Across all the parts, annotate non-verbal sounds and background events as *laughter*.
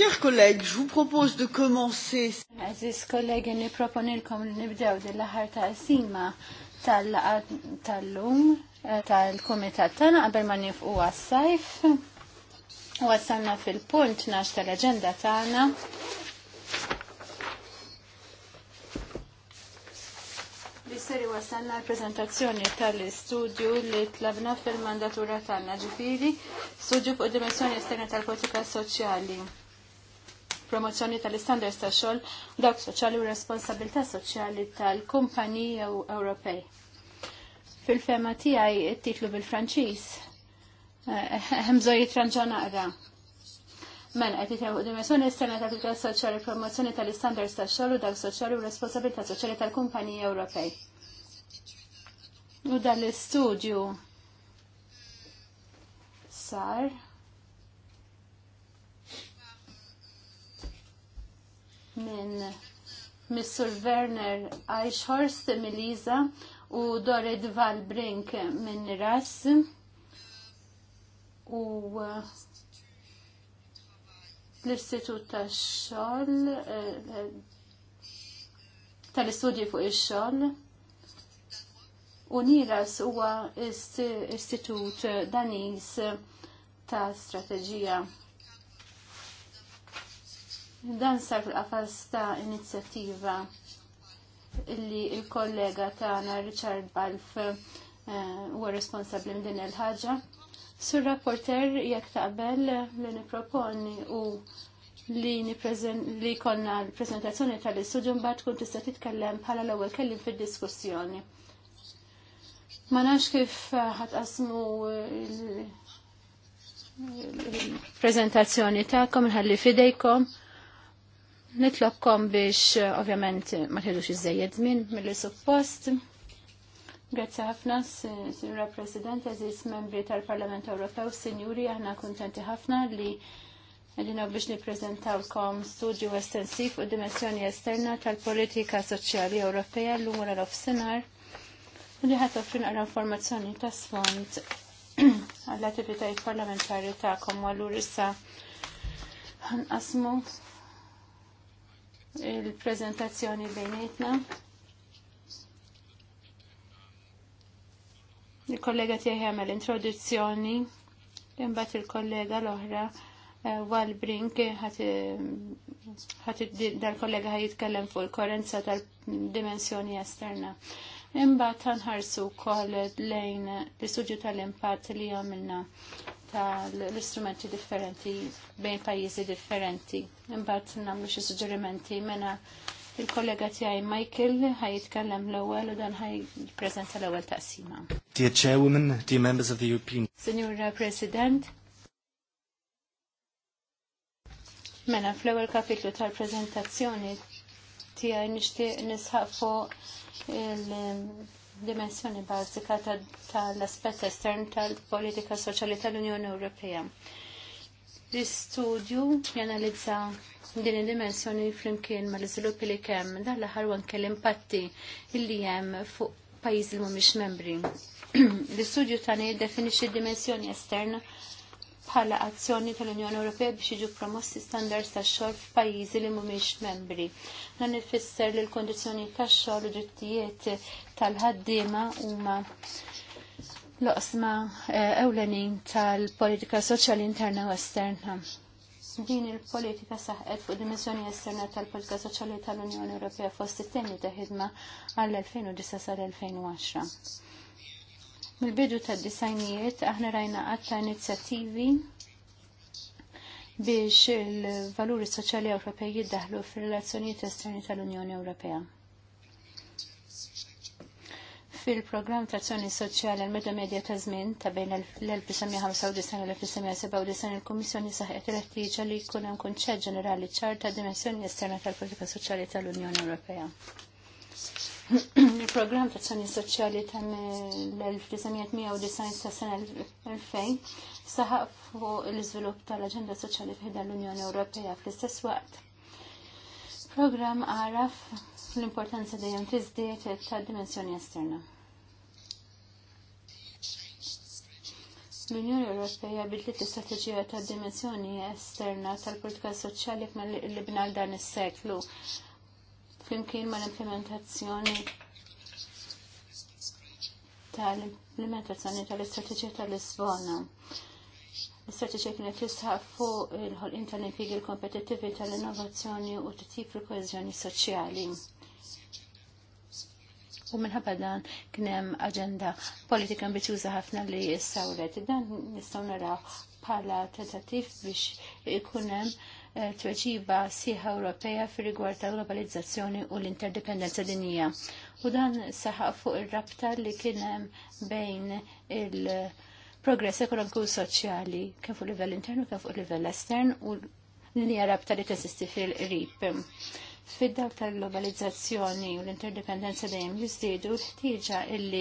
Chers collègues, je vous propose de commencer. Aziz kollegi, niproponilkom li nibdew dil-laħar ta' sima tal-lum eh, tal-komitat tana qabel ma nifqu għas-sajf. Wasalna fil-punt nax tal-agenda tana. Bisseri wasalna l-prezentazzjoni tal istudju li tlabna fil-mandatura tagħna ġifiri, studju fuq dimensjoni esterna tal-politika soċjali promozzjoni tal-istandards ta' xogħol dawk soċjali u responsabilità soċjali tal-kumpaniji Ewropej. Fil-fema tiegħi it-titlu bil-Franċiż eh, *laughs* hemm żojiet ranġa naqra. Mela qed jitew dimensjoni esterna ta' tutela soċjali promozzjoni tal-istandards ta' xogħol u dawk soċjali u responsabilità soċjali tal-kumpaniji Ewropej. U dal-istudju sar minn Mr. Werner Eichhorst Melisa, u Dorid Valbrink minn Ras u uh, l-Istitut tax-xogħol uh, tal-istudji fuq ix-xogħol. U Niras huwa istitut Danis ta' strateġija Dan sar fil-qafas ta' inizjattiva illi il-kollega tagħna Richard Balf eh, huwa responsabbli minn din il-ħaġa. Sur rapporter jekk taqbel li niproponi u li li konna l-prezentazzjoni tal-istudju mbagħad tkun tista' titkellem bħala l-ewwel kellim fid-diskussjoni. Ma nafx kif ħatqasmu l-prezentazzjoni tagħkom ħalli fidejkom Nitlokkom biex eh, ovvjament ma tħedux iż-żejjed żmien mill suppost. Grazzi ħafna, Signora President, eżis membri tal-Parlament Ewropew, Sinjuri, aħna kuntenti ħafna li għedina biex niprezentawkom studju estensiv u dimensjoni esterna tal-politika soċjali Ewropea l-lum wara offsenar u li ħat offrin għal informazzjoni ta' sfond *clears throat* għall-attivitajiet parlamentari ta'kom urissa għan asmu il-prezentazzjoni bejnietna. Il-kollega tiegħi jagħmel introduzzjoni, imbagħad il-kollega l-oħra eh, Walbrink ħadd dal-kollega ħaj jitkellem fuq il-korenza tal-dimensjoni esterna. Imbagħad ħanħarsu wkoll lejn l-istudju tal-impatt li għamilna tal-istrumenti differenti bejn pajjiżi differenti. Imbagħad nagħmlu xi suġġerimenti mena il-kollega tiegħi Michael ħaj jitkellem l-ewwel u dan ħaj jippreżenta l-ewwel taqsima. Dear Chairwoman, dear members of the European Senior President, Mena fl-ewwel kapitlu tal-preżentazzjoni tiegħi nixtieq nisħaq fuq dimensjoni bażika tal-aspett estern tal-politika soċjali tal-Unjoni Ewropea. L-istudju janalizza din id-dimensjoni flimkien ma l-iżviluppi li kemm dan l-aħħar l-impatti illi hemm fuq pajiz li mhumiex membri. *clears throat* L-istudju tani jiddefinixxi d-dimensjoni esterna bħala azzjoni tal-Unjoni Ewropea biex jiġu promossi standards tax-xogħol f'pajjiżi li mhumiex membri. Dan ifisser li l-kondizzjoni tax-xogħol u drittijiet tal-ħaddiema huma l-oqsma eh, ewlenin tal-politika soċjali interna u esterna. Din il-politika saħqet fuq dimensjoni esterna tal-politika soċjali tal-Unjoni Ewropea fost it-temi ta' ħidma għall-2009 sal-2010 mil bidu tad disajnijiet aħna rajna għatta inizjattivi biex il-valuri soċjali Ewropej jiddaħlu fir-relazzjonijiet esterni tal-Unjoni Ewropea fil-programm ta' azzjoni soċjali għal meta medja ta' żmien ta' bejn l-1995 u l-1997 il-Kummissjoni saħqet il-ħtieġa li jkun hemm kunċett ġenerali ċar ta' dimensjoni esterna tal-politika soċjali tal-Unjoni Ewropea. Il-programm tazzjoni soċjali ta' l-1990 sa' sena 2000 saħaq fuq l-iżvilupp tal-Aġenda Soċjali fiħda l-Unjoni Ewropea fl-istess waqt. Programm għaraf l-importanza dejjem tizdiet ta' dimensjoni esterna. L-Unjoni Ewropea bidlet l-istrateġija ta' dimensjoni esterna tal-politika soċjali f'ma libna l-dan is-seklu flimkien ma l-implementazzjoni tal-implementazzjoni tal-istrateġija tal-Lisbona. L-istrateġija kienet tisħa fuq il ħol tal fi l-kompetittivi tal-innovazzjoni u t-tip l koezjoni soċjali. U minħabba dan kien hemm aġenda politika ambizjuża ħafna li issawret. Dan nistgħu naraw bħala tentativ biex ikunem. Eh, tweġiba siħa Ewropea fir rigward ta' globalizzazzjoni u l-interdependenza dinija. U dan saħaq fuq ir-rabta li kien hemm bejn il-progress ekonomiku u soċjali kien fuq livell internu kien fuq livell estern u l-linja rabta li tesisti fil rip fid-daw tal-globalizzazzjoni u l-interdependenza dejjem jiżdiedu l-ħtieġa illi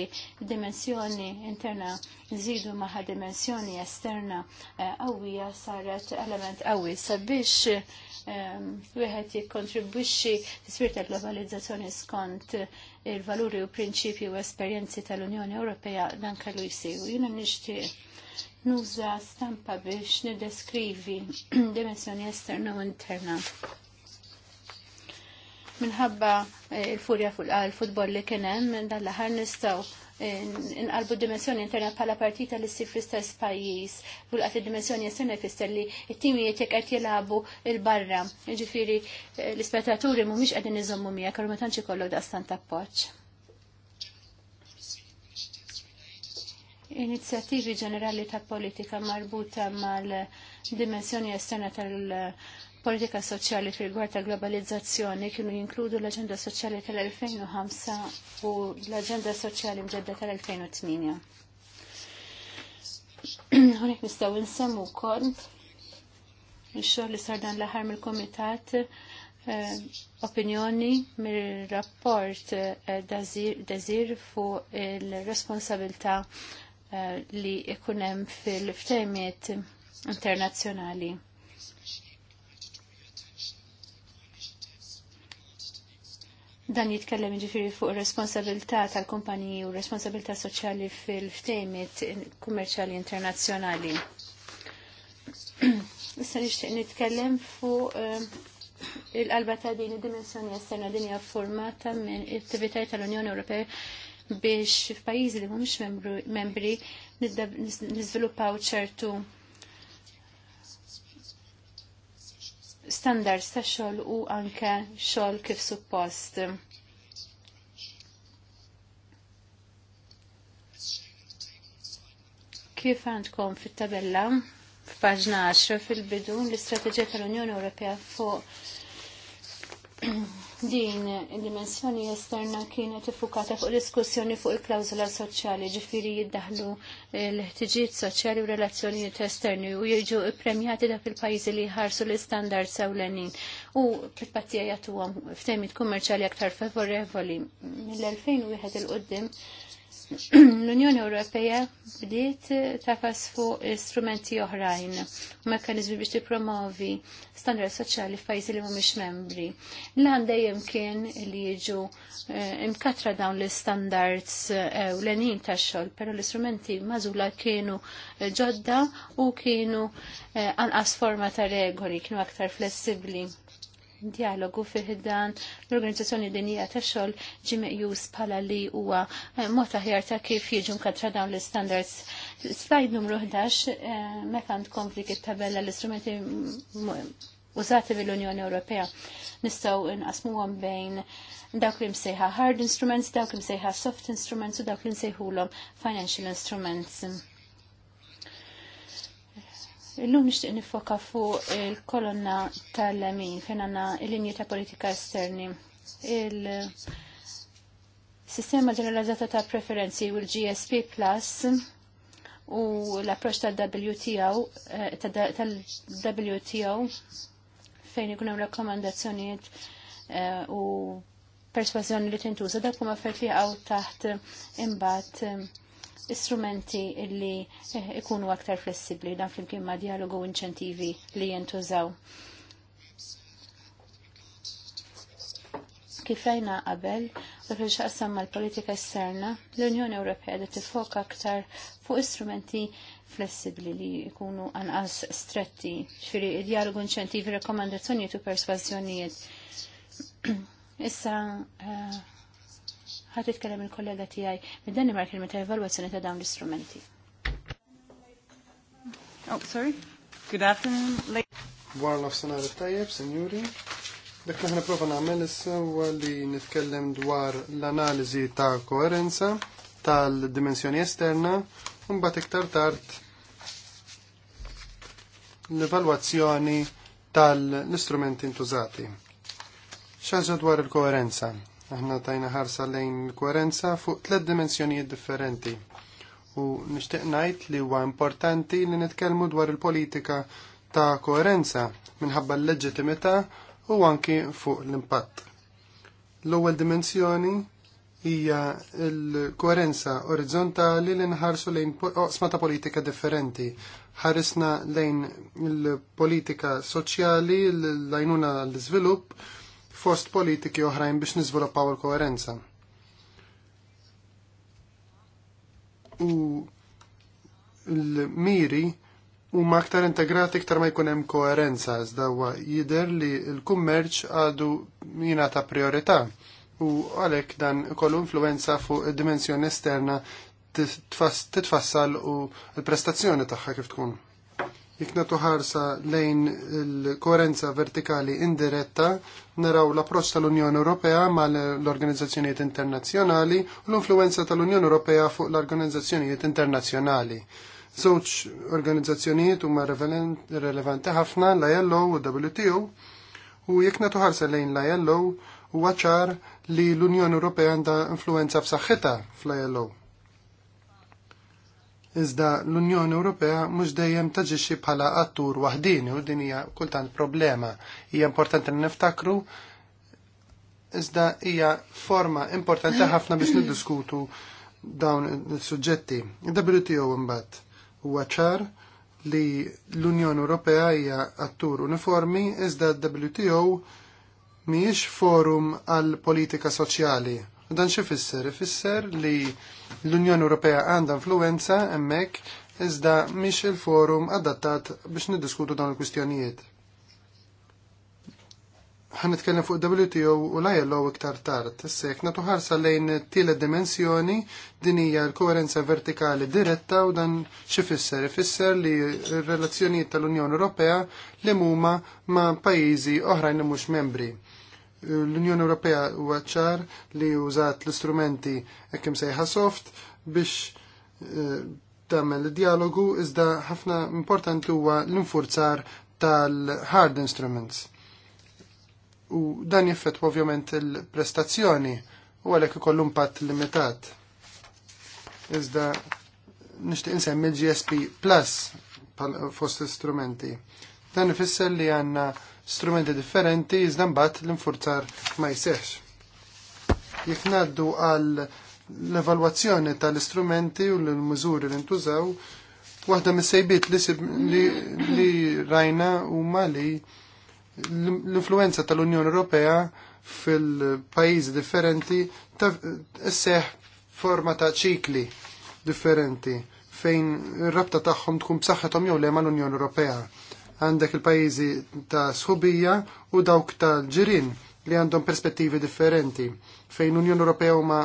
dimensjoni interna nżidu maħa dimensjoni esterna eh, qawwija saret element qawwi sabiex ehm, wieħed jikkontribwixxi fis-sfir tal-globalizzazzjoni skont il-valuri u prinċipji u esperjenzi tal-Unjoni Ewropea dan kellu jsiru. Jiena nixtieq nuża stampa biex niddeskrivi *clears throat* dimensjoni esterna u interna minħabba eh, il-furja fuq il-futbol li kien hemm dan l-aħħar nistgħu inqalbu eh, dimensjoni interna bħala partita li ssir fl-istess pajjiż, vulqat id-dimensjoni esterna jfisser li t-timijiet jekk qed jilagħbu l barra Jiġifieri eh, l-ispettaturi mhumiex qegħdin iżommu miegħek u ma tantx ikollok daqstan tappoġġ. Inizjattivi ġenerali ta' politika marbuta mal- dimensjoni esterna tal-politika soċjali fil-gwar tal-globalizzazzjoni kienu jinkludu l-Aġenda Soċjali tal-2005 u l-Aġenda Soċjali mġedda tal-2008. *clears throat* Għonek nistaw nsemmu kod il-xogħol li sar dan l-aħħar mill-Komitat eh, opinjoni mir-rapport eh, dażir fuq il-responsabilità eh, li ikunem fil-ftejmiet internazzjonali. Dan jitkellem ġifiri fuq responsabilità tal-kumpaniji u responsabilità soċjali fil-ftejmiet kummerċjali internazzjonali. *clears throat* Issa nixtieq nitkellem fuq eh, il-qalba ta' din id-dimensjoni esterna din hija formata minn attivitajiet tal-Unjoni Ewropea biex f'pajjiżi li mhumiex membri niżviluppaw ċertu standards ta' xogħol u anke xogħol kif suppost. Kif għandkom fit-tabella f'paġna 10 fil-bidu l-istrateġija tal-Unjoni Ewropea fuq din il-dimensjoni esterna kienet ifukata fuq diskussjoni fuq il-klawzula soċjali, ġifiri jiddaħlu l ħtiġijiet soċjali u relazzjonijiet esterni u jiġu premjati da fil-pajzi li ħarsu l istandards sewlenin u fil-pattija jatuwam f'temit kummerċali aktar favorevoli. Mill-2001 il-qoddim L-Unjoni Ewropea bdiet tafas fuq strumenti oħrajn u mekkanizmi biex tippromovi standard soċjali f'pajjiżi li mhumiex membri. L-għan dejjem kien li jiġu eh, imkatra dawn l-standards u eh, l-enin tax-xogħol, però l-istrumenti mażula kienu eh, ġodda u kienu anqas forma ta' regoli, kienu aktar flessibbli dialogu fiħdan l-organizzazzjoni dinija ta' xogħol ġi pala bħala li huwa eh, mod aħjar ta' kif jiġu mkatra dawn l-standards. Slide numru 11 eh, meta għandkom dik it-tabella l-istrumenti użati bil unjoni Ewropea nistgħu nqasmuhom bejn dawk li msejħa hard instruments, dawk li msejħa soft instruments u dawk li msejħulhom financial instruments Illum nixtieq nifoka fuq il-kolonna tal-lemin fejn għandna l-linji ta' politika esterni. Il-sistema ġeneralizzata ta' preferenzi u l-GSP Plus u l-approċ tal-WTO eh, tal-WTO fejn ikun hemm rakkomandazzjonijiet eh, u persważjoni li tintuża dak huma affert taħt imbagħad eh, istrumenti illi eh, ikunu aktar flessibli dan flimkien ma' dialogu inċentivi li jentużaw. kifajna qabel u fil xaqsam mal politika esterna, l-Unjoni Ewropea da tifok aktar fuq istrumenti flessibli li jkunu anqas stretti, xfiri dialogu inċentivi, rekomandazzjoni u perswazjonijiet. *clears throat* Issa, uh, ħat titkellem il-kollega tiegħi mid-Danimark il-meta evalwazzjoni ta' dawn l-istrumenti. Oh, sorry. Good afternoon. War nafsenar tajjeb, senjuri. Dak li ħna prova nagħmel issa huwa li nitkellem dwar l-analiżi ta' koerenza tal-dimensjoni esterna u mbagħad iktar tard l-evalwazzjoni tal-istrumenti intużati. Xaġa dwar il-koerenza. Aħna tajna ħarsa lejn l-kwerenza fuq tliet dimensjonijiet differenti. U nixtieq ngħid li huwa importanti li nitkellmu dwar il-politika ta' koerenza minħabba l-leġitimità u anki fuq l-impatt. L-ewwel dimensjoni hija l-koerenza orizzontali li nħarsu lejn oqsma ta' politika differenti. Ħarisna lejn il-politika soċjali, l-għajnuna l-iżvilupp, fost politiki oħrajn biex niżviluppaw il-koerenza. U l-miri huma aktar integrati iktar ma jkun hemm koerenza iżda jidher li l-kummerċ għadu jingħata priorità u għalhekk dan ikollu influenza fuq id-dimensjoni esterna titfassal u l-prestazzjoni tagħha kif tkun jekk nagħtu ħarsa lejn il-koerenza vertikali indiretta, naraw l-approċċ tal-Unjoni Ewropea mal l-organizzazzjonijiet internazzjonali u l-influenza tal-Unjoni Ewropea fuq l-organizzazzjonijiet internazzjonali. Żewġ organizzazzjonijiet huma relevanti ħafna l-ILO u WTO u jekk nagħtu ħarsa lejn l-ILO huwa ċar li l-Unjoni Ewropea għandha influenza f'saħħitha fl-ILO iżda l-Unjoni Ewropea mhux dejjem taġixxi bħala attur waħdini u din hija kultant problema. Hija importanti li niftakru iżda hija forma importanti ħafna biex niddiskutu dawn is-suġġetti. Il-WTO imbagħad huwa ċar li l-Unjoni Ewropea hija attur uniformi iżda d-WTO mhijiex forum għal politika soċjali U dan xe fisser? Ifisser li l-Unjoni Ewropea għandha influenza hemmhekk iżda mhix il-forum adattat biex niddiskutu dawn il-kwistjonijiet. Għan nitkellem fuq WTO u l-ILO iktar tard, Sek, natu ħarsa lejn tielet dimensjoni din hija l koherenza vertikali diretta u dan xe fisser? Ifisser li r-relazzjonijiet tal-Unjoni Ewropea li huma ma' pajjiżi oħrajn li mhux membri L-Unjoni Ewropea huwa ċar li użat l-istrumenti hekk sejħa soft biex eh, tagħmel dialogu iżda ħafna importanti huwa l-infurzar tal-hard instruments. U dan jiffet ovvjament il-prestazzjoni u għalhekk ikollu impatt limitat. Iżda nixtieq insemmi l-GSP Plus fost istrumenti. Dan ifisser li għandna strumenti differenti iżda mbagħad l-infurzar ma jsehx. Jekk ngħaddu għal l-evalwazzjoni tal-istrumenti u l-mużuri li ntużaw, waħda mis-sejbiet li, rajna huma li l-influenza tal-Unjoni Ewropea fil-pajjiżi differenti seħ forma ta' ċikli differenti fejn rabta tagħhom tkun b'saħħithom jew le mal-Unjoni Ewropea għandek il-pajjiżi ta' sħubija u dawk tal-ġirin li għandhom perspettivi differenti fejn Unjoni Ewropea huma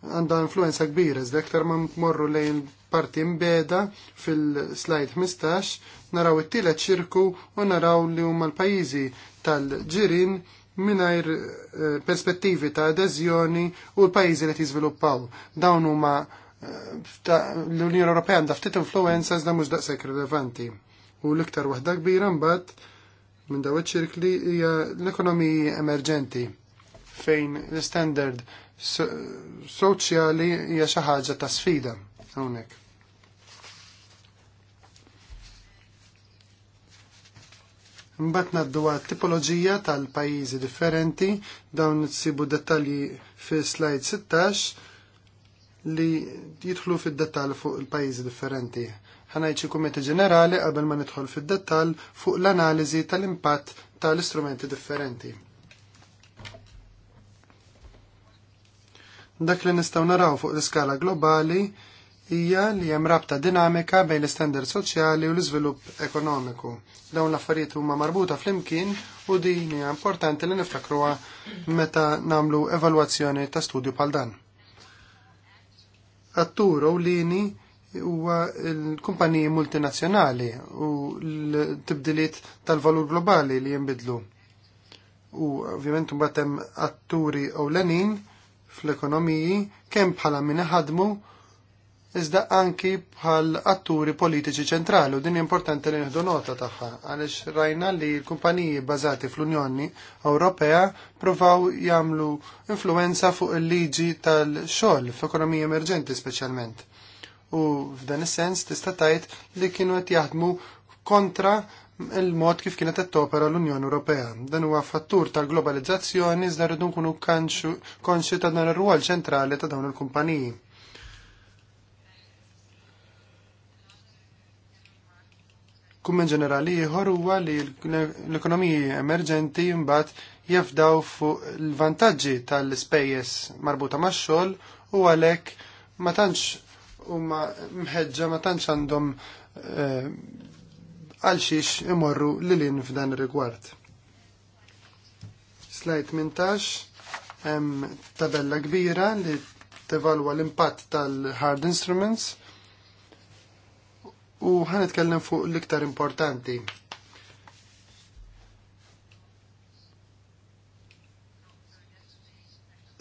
għandha influenza kbira, iżda aktar ma morru lejn parti mbeda fil-slide 15 naraw it-tielet ċirku u naraw li huma l-pajjiżi tal-ġirin minajr eh, perspettivi ta' adeżjoni u l-pajjiżi li tiżviluppaw. Dawn huma eh, l-Unjoni Ewropea għandha ftit influenza iżda mhux daqshekk rilevanti. U l-iktar waħda kbira mbagħad minn daw iċ-ċirkli hija l-ekonomiji emerġenti fejn l-standard soċjali hija xi ħaġa ta' sfida hawnhekk. Mbagħad ngħaddu tipoloġija tal-pajjiżi differenti dawn nsibu dettalji fi slide 16 li jidħlu fid-dettall fuq il-pajjiżi differenti ħanajċi kumiti ġenerali qabel ma nidħol fid-dettal fuq l-analiżi tal-impatt tal-istrumenti differenti. Dak li nistgħu naraw fuq l-iskala globali hija li hemm rabta dinamika bejn l-istandard soċjali u l-iżvilupp ekonomiku. Dawn l-affarijiet huma marbuta flimkien u din hija importanti li niftakruha meta nagħmlu evalwazzjoni ta' studju bħal dan. u lini huwa l-kumpaniji multinazzjonali u l-tibdiliet tal-valur globali li jinbidlu. U ovvjament mbagħad hemm atturi ewlenin fl-ekonomiji kemm bħala min ħadmu iżda anki bħal atturi politiċi ċentrali u din importanti li nħdu nota tagħha għaliex rajna li l-kumpaniji bażati fl-Unjoni Ewropea provaw jagħmlu influenza fuq il-liġi tal-xogħol f'ekonomija emerġenti speċjalment u f'dan is-sens tista' tgħid li kienu qed jaħdmu kontra il-mod kif kienet qed topera l-Unjoni Ewropea. Dan huwa fattur tal-globalizzazzjoni iżda rridu nkunu konxi ta' dan ir-rwol ċentrali ta' dawn il-kumpaniji. Kummen ġenerali ieħor huwa li l-ekonomiji emerġenti mbagħad jefdaw fuq il vantaġġi tal-ispejjeż marbuta max-xogħol u għalhekk ma tantx huma mħeġġa ma tantx għandhom eh, għalxiex imorru lilin f'dan ir-rigward. Slide 18 hemm tabella kbira li tevalwa l-impatt tal-hard instruments u ħanitkellem fuq l-iktar importanti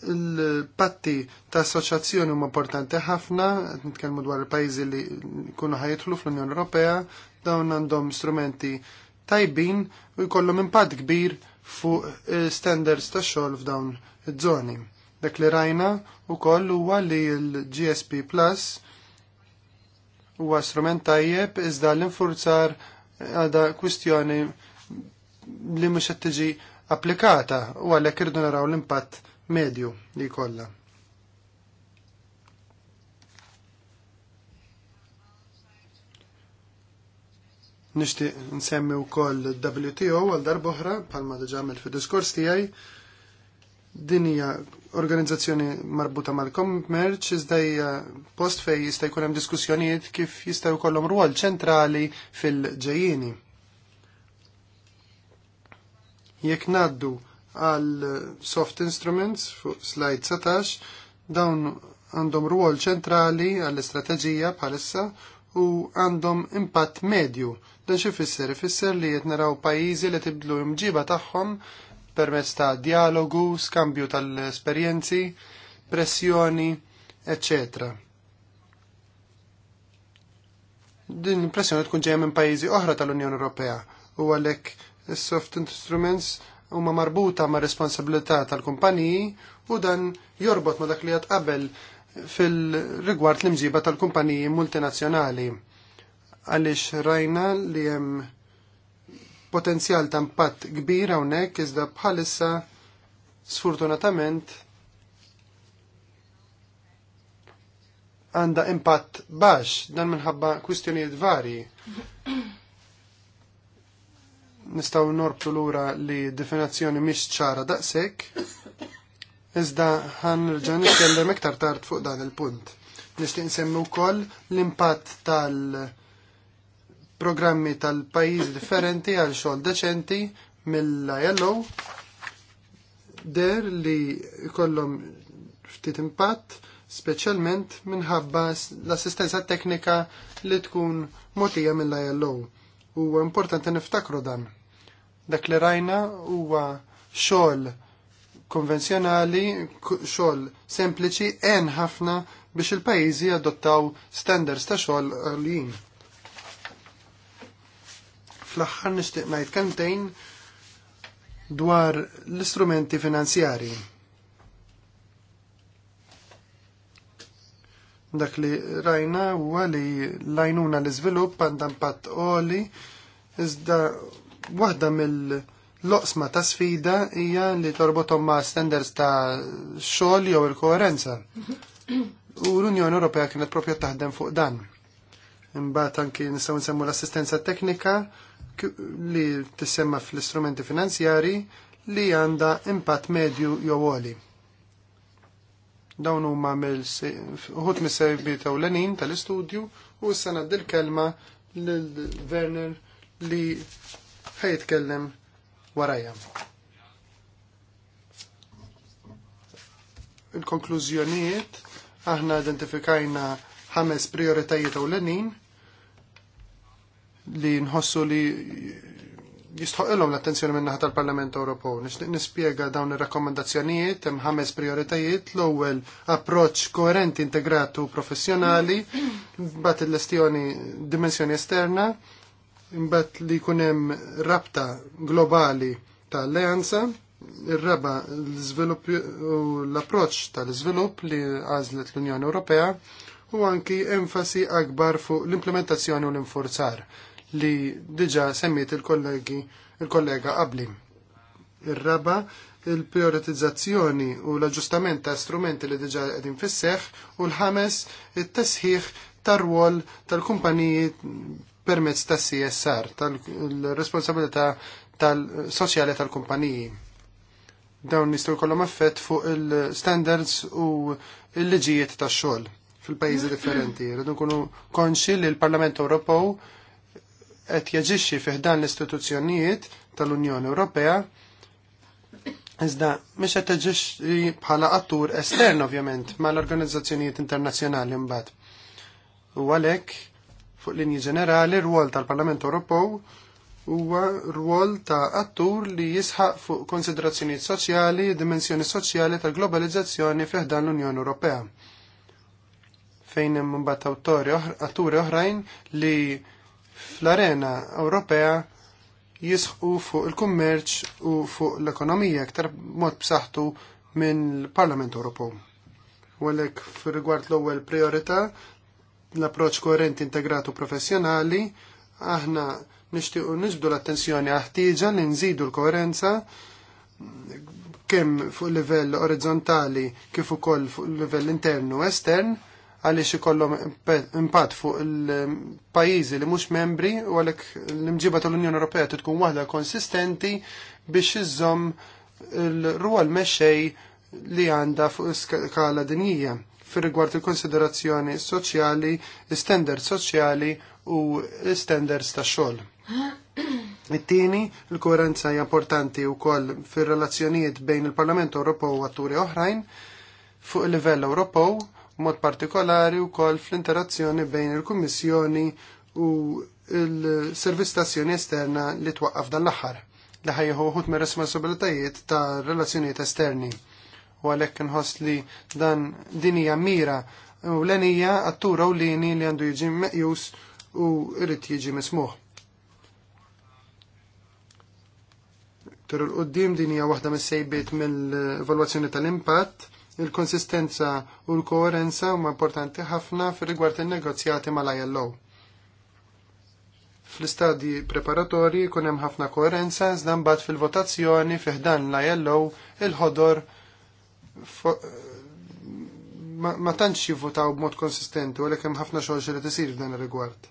il-patti ta' assoċjazzjoni huma importanti ħafna, nitkellmu dwar il-pajjiżi li jkunu ħajjitlu fl-Unjoni Ewropea, dawn għandhom strumenti tajbin u jkollhom impatt kbir fuq standards ta' xogħol f'dawn iż-żoni. Dak li rajna wkoll huwa li l-GSP Plus huwa strument tajjeb iżda l-infurzar għada kwistjoni li mhux qed tiġi applikata u għalhekk irdu naraw l-impatt medju li kollha. Nixtieq nsemmi wkoll WTO għal darb'oħra bħalma diġà għamil fid-diskors tiegħi din hija organizzazzjoni marbuta mal-kommerċ iżda hija post fej jista' jkun hemm diskussjonijiet kif jistgħu jkollhom rwol ċentrali fil ġejjini Jekk ngħaddu għal soft instruments fuq slide 17 dawn għandhom ruol ċentrali għall istrateġija bħalissa u għandhom impatt medju dan xi fisser ifisser li qed naraw pajjiżi li tibdlu imġiba tagħhom permezz ta' dialogu, skambju tal-esperjenzi, pressjoni, etc. din l-impressjoni tkun ġejja minn pajjiżi oħra tal-Unjoni Ewropea u għalhekk is-soft instruments huma marbuta ma' responsabilità tal-kumpaniji u dan jorbot ma' dak li qabel fil-rigward l-imġiba tal-kumpaniji multinazzjonali. Għaliex rajna li hemm potenzjal ta' impatt kbir hawnhekk iżda bħalissa sfortunatament għanda impatt baxx dan minħabba kwistjonijiet varji nistaw norbtu lura li definazzjoni mhix ċara daqshekk, iżda ħan rġan nitkellem iktar tard fuq dan il-punt. Nixtieq nsemmi wkoll l-impatt tal-programmi tal-pajjiżi differenti għal xogħol deċenti mill-ILO der li jkollhom ftit impatt speċjalment minħabba l-assistenza teknika li tkun motija mill-ILO. Huwa importanti niftakru dan Dak li rajna huwa xogħol konvenzjonali, xogħol sempliċi en ħafna biex il-pajjiżi adottaw standards ta' xogħol għalin. Fl-aħħar nixtieq ngħid kantejn dwar l-istrumenti finanzjarji. dak li rajna huwa li l-għajnuna l-iżvilupp għandha impatt għoli iżda Waħda mill-loqsma ta' sfida hija li torbotom ma' standards ta' xogħol jew il-koerenza. U l-Unjoni Ewropea kienet proprja taħdem fuq dan. Imbagħad anki nistgħu nsemmu l-assistenza teknika li tissemma fl-istrumenti finanzjari li għandha impatt medju jew għoli. Dawn huma uħut mis-sejbi ewlenin tal-istudju u s-sena il kelma l-Werner li ħej jitkellem warajja. Il-konklużjonijiet aħna identifikajna ħames prioritajiet ewlenin li nħossu li jistħoqilhom l-attenzjoni minna naħa tal-Parlament Ewropew. Nispiega nispjega dawn ir-rakkomandazzjonijiet hemm ħames prioritajiet. L-ewwel approċċ koerenti integratu professjonali, bat il-lestjoni dimensjoni esterna, imbat li jkun hemm rabta globali tal-alleanza, ir-raba l-iżvilupp u l-approċċ tal-iżvilupp li għażlet l-Unjoni Ewropea u anki enfasi akbar fuq l-implementazzjoni u l inforzar li diġa semmiet il-kollegi il-kollega qabli. Ir-raba il-prioritizzazzjoni u l-aġġustament ta' strumenti li diġa qegħdin fisseħ u l-ħames it-tesħiħ tar-rwol tal-kumpaniji permezz ta' CSR, tal-responsabilità tal-soċjali tal-kumpaniji. Dawn nistaw jkollhom affett fuq il-standards u l-liġijiet tax-xogħol fil-pajjiżi differenti. Rridu nkunu konxi li l-Parlament Ewropew qed jaġixxi fih dan l-istituzzjonijiet tal-Unjoni Ewropea Iżda, mhix qed taġixxi bħala attur estern ovvjament mal organizzazzjonijiet internazzjonali mbagħad. U għalhekk fuq linji ġenerali r-rwol tal-Parlament Ewropew huwa rwol ta' attur li jisħaq fuq konsiderazzjonijiet soċjali, dimensjoni soċjali tal-globalizzazzjoni fiħdan l-Unjoni Ewropea. Fejn hemm mbagħad atturi oħrajn li fl-arena Ewropea jisħu fuq il-kummerċ u fuq l-ekonomija aktar mod b'saħħtu minn l-Parlament Ewropew. Walek fir rigward l-ewwel priorità l-approċ korrenti integratu professjonali, aħna nishtiqu nisbdu l-attenzjoni aħtijġa li nżidu l-koerenza kemm fuq livell orizzontali kif ukoll fuq livell internu u estern għaliex ikollhom impatt fuq il-pajjiżi li mhux membri u għalhekk l-imġiba tal-Unjoni Ewropea tkun waħda konsistenti biex iżżomm il-rwol mexxej li għandha fuq skala dinjija fir rigward il-konsiderazzjoni soċjali, standard soċjali u standards ta' xogħol. *clears throat* It-tieni, il-koerenza hija importanti wkoll fir-relazzjonijiet bejn il-Parlament Ewropew u atturi oħrajn fuq il-livell Ewropew, mod partikolari wkoll fl-interazzjoni bejn il-Kummissjoni u il-servizz tazzjoni esterna li twaqqaf dan l-aħħar li ħajħu uħut me responsabilitajiet ta' relazzjonijiet esterni u għalhekk inħoss li dan din hija mira u l-enija għattura u lini li għandu jiġi meqjus u irrit jiġi mismuħ. Tur l-qoddim din hija waħda mis-sejbiet mill-evalwazzjoni tal-impatt, il-konsistenza u l-koerenza huma importanti ħafna fir-rigward in-negozjati mal-ILO. Fl-istadji preparatorji kun hemm ħafna koerenza zdan bat fil-votazzjoni fih dan l-ILO il-ħodor il ħodor ma tantx jivvotaw b'mod konsistenti u għalek hemm ħafna xogħol li tisir f'dan ir-rigward.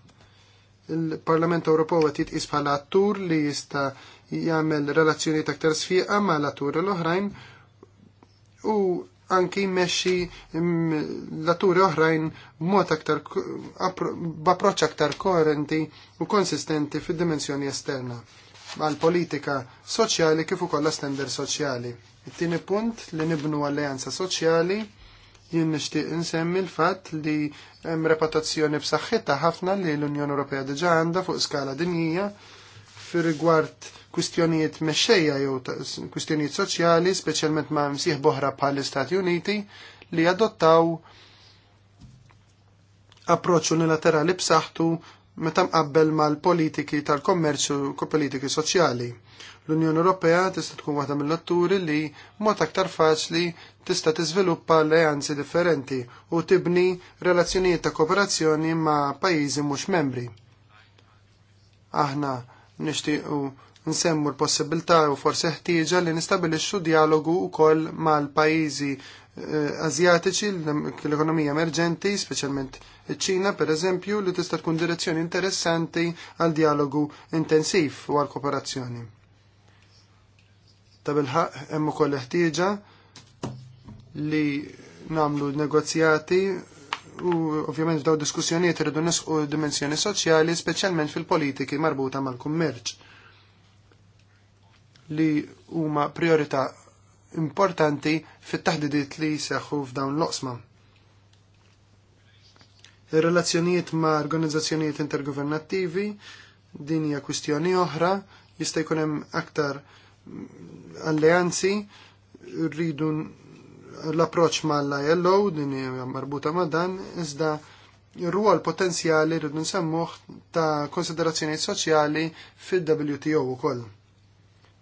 Il-Parlament Ewropew qed jitqis bħala attur li jista' jagħmel relazzjonijiet aktar sfiqa mal attur l-oħrajn u anki jmexxi l-atturi oħrajn b'mod aktar b'approċċ aktar koerenti u konsistenti fid-dimensjoni esterna għal politika soċjali kif ukoll standard soċjali. It-tieni punt li nibnu alleanza soċjali jien nixtieq insemmi l-fatt li hemm reputazzjoni b'saħħitha ħafna li l-Unjoni Ewropea diġà għandha fuq skala dinjija fir rigward kwistjonijiet mexxejja jew kwistjonijiet soċjali, speċjalment ma' msieħ boħra bħall-Istati Uniti li adottaw approċċ unilaterali b'saħħtu meta mqabbel mal-politiki tal-kommerċu u politiki soċjali. L-Unjoni Ewropea tista' tkun waħda mill-atturi li mod aktar faċli tista' tiżviluppa alleanzi differenti u tibni relazzjonijiet ta' kooperazzjoni ma' pajjiżi mhux membri. Aħna nixtiequ nsemmu l-possibilità u forsi ħtieġa li nistabilixxu dialogu wkoll mal-pajjiżi Eh, Azjatiċi, l-ekonomija emerġenti, speċjalment ċina per eżempju, li tista' tkun direzzjoni interessanti għal dialogu intensiv u għal kooperazzjoni. Ta' bil-ħaq hemm ukoll ħtieġa li namlu negozjati u ovvjament daw diskussjonijiet irridu nisqu dimensjoni soċjali, speċjalment fil-politiki marbuta mal-kummerċ li huma priorità importanti fit-taħdidiet li seħħu f'dawn l-oqsma. Ir-relazzjonijiet ma' organizzazzjonijiet intergovernattivi din hija kwistjoni oħra, jista' jkun hemm aktar alleanzi, rridu l-approċ mal-ILO din hija marbuta ma' dan, iżda r-ruol potenzjali rridu nsemmuh ta' konsiderazzjonijiet soċjali fil-WTO ukoll.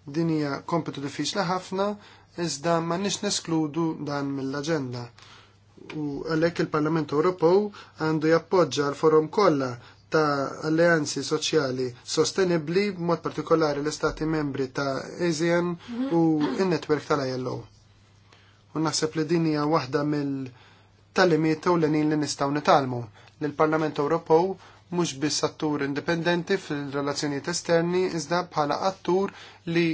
Din hija kompetu diffiċli ħafna iżda ma nix neskludu dan mill-agenda. U għalhekk il-Parlament Ewropew għandu jappoġġa l-forum kollha ta' alleanzi soċjali sostenibli b'mod partikolari l-Istati membri ta' ASEAN u in-netwerk tal-ILO. U naħseb li din hija waħda mill-talimiet ewlenin li nistgħu nitalmu l parlament Ewropew mhux biss attur indipendenti fil-relazzjonijiet esterni iżda bħala attur li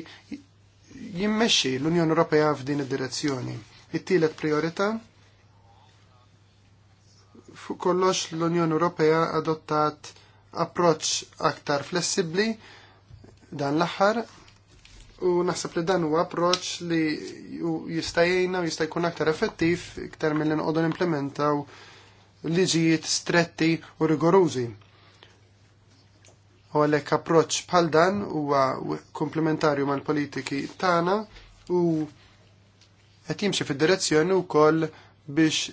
jimmexxi l-Unjoni Ewropea f'din id-direzzjoni. It-tielet priorità fuq kollox l-Unjoni Ewropea adottat approċċ aktar flessibbli dan l-aħħar u naħseb li dan huwa approċċ li jista' jgħinna u jista' jkun aktar effettiv iktar milli noqogħdu nimplementaw liġijiet stretti u rigorużi U għalhekk approċċ bħal dan huwa komplementarju mal-politiki tagħna u qed jimxi fid-direzzjoni wkoll biex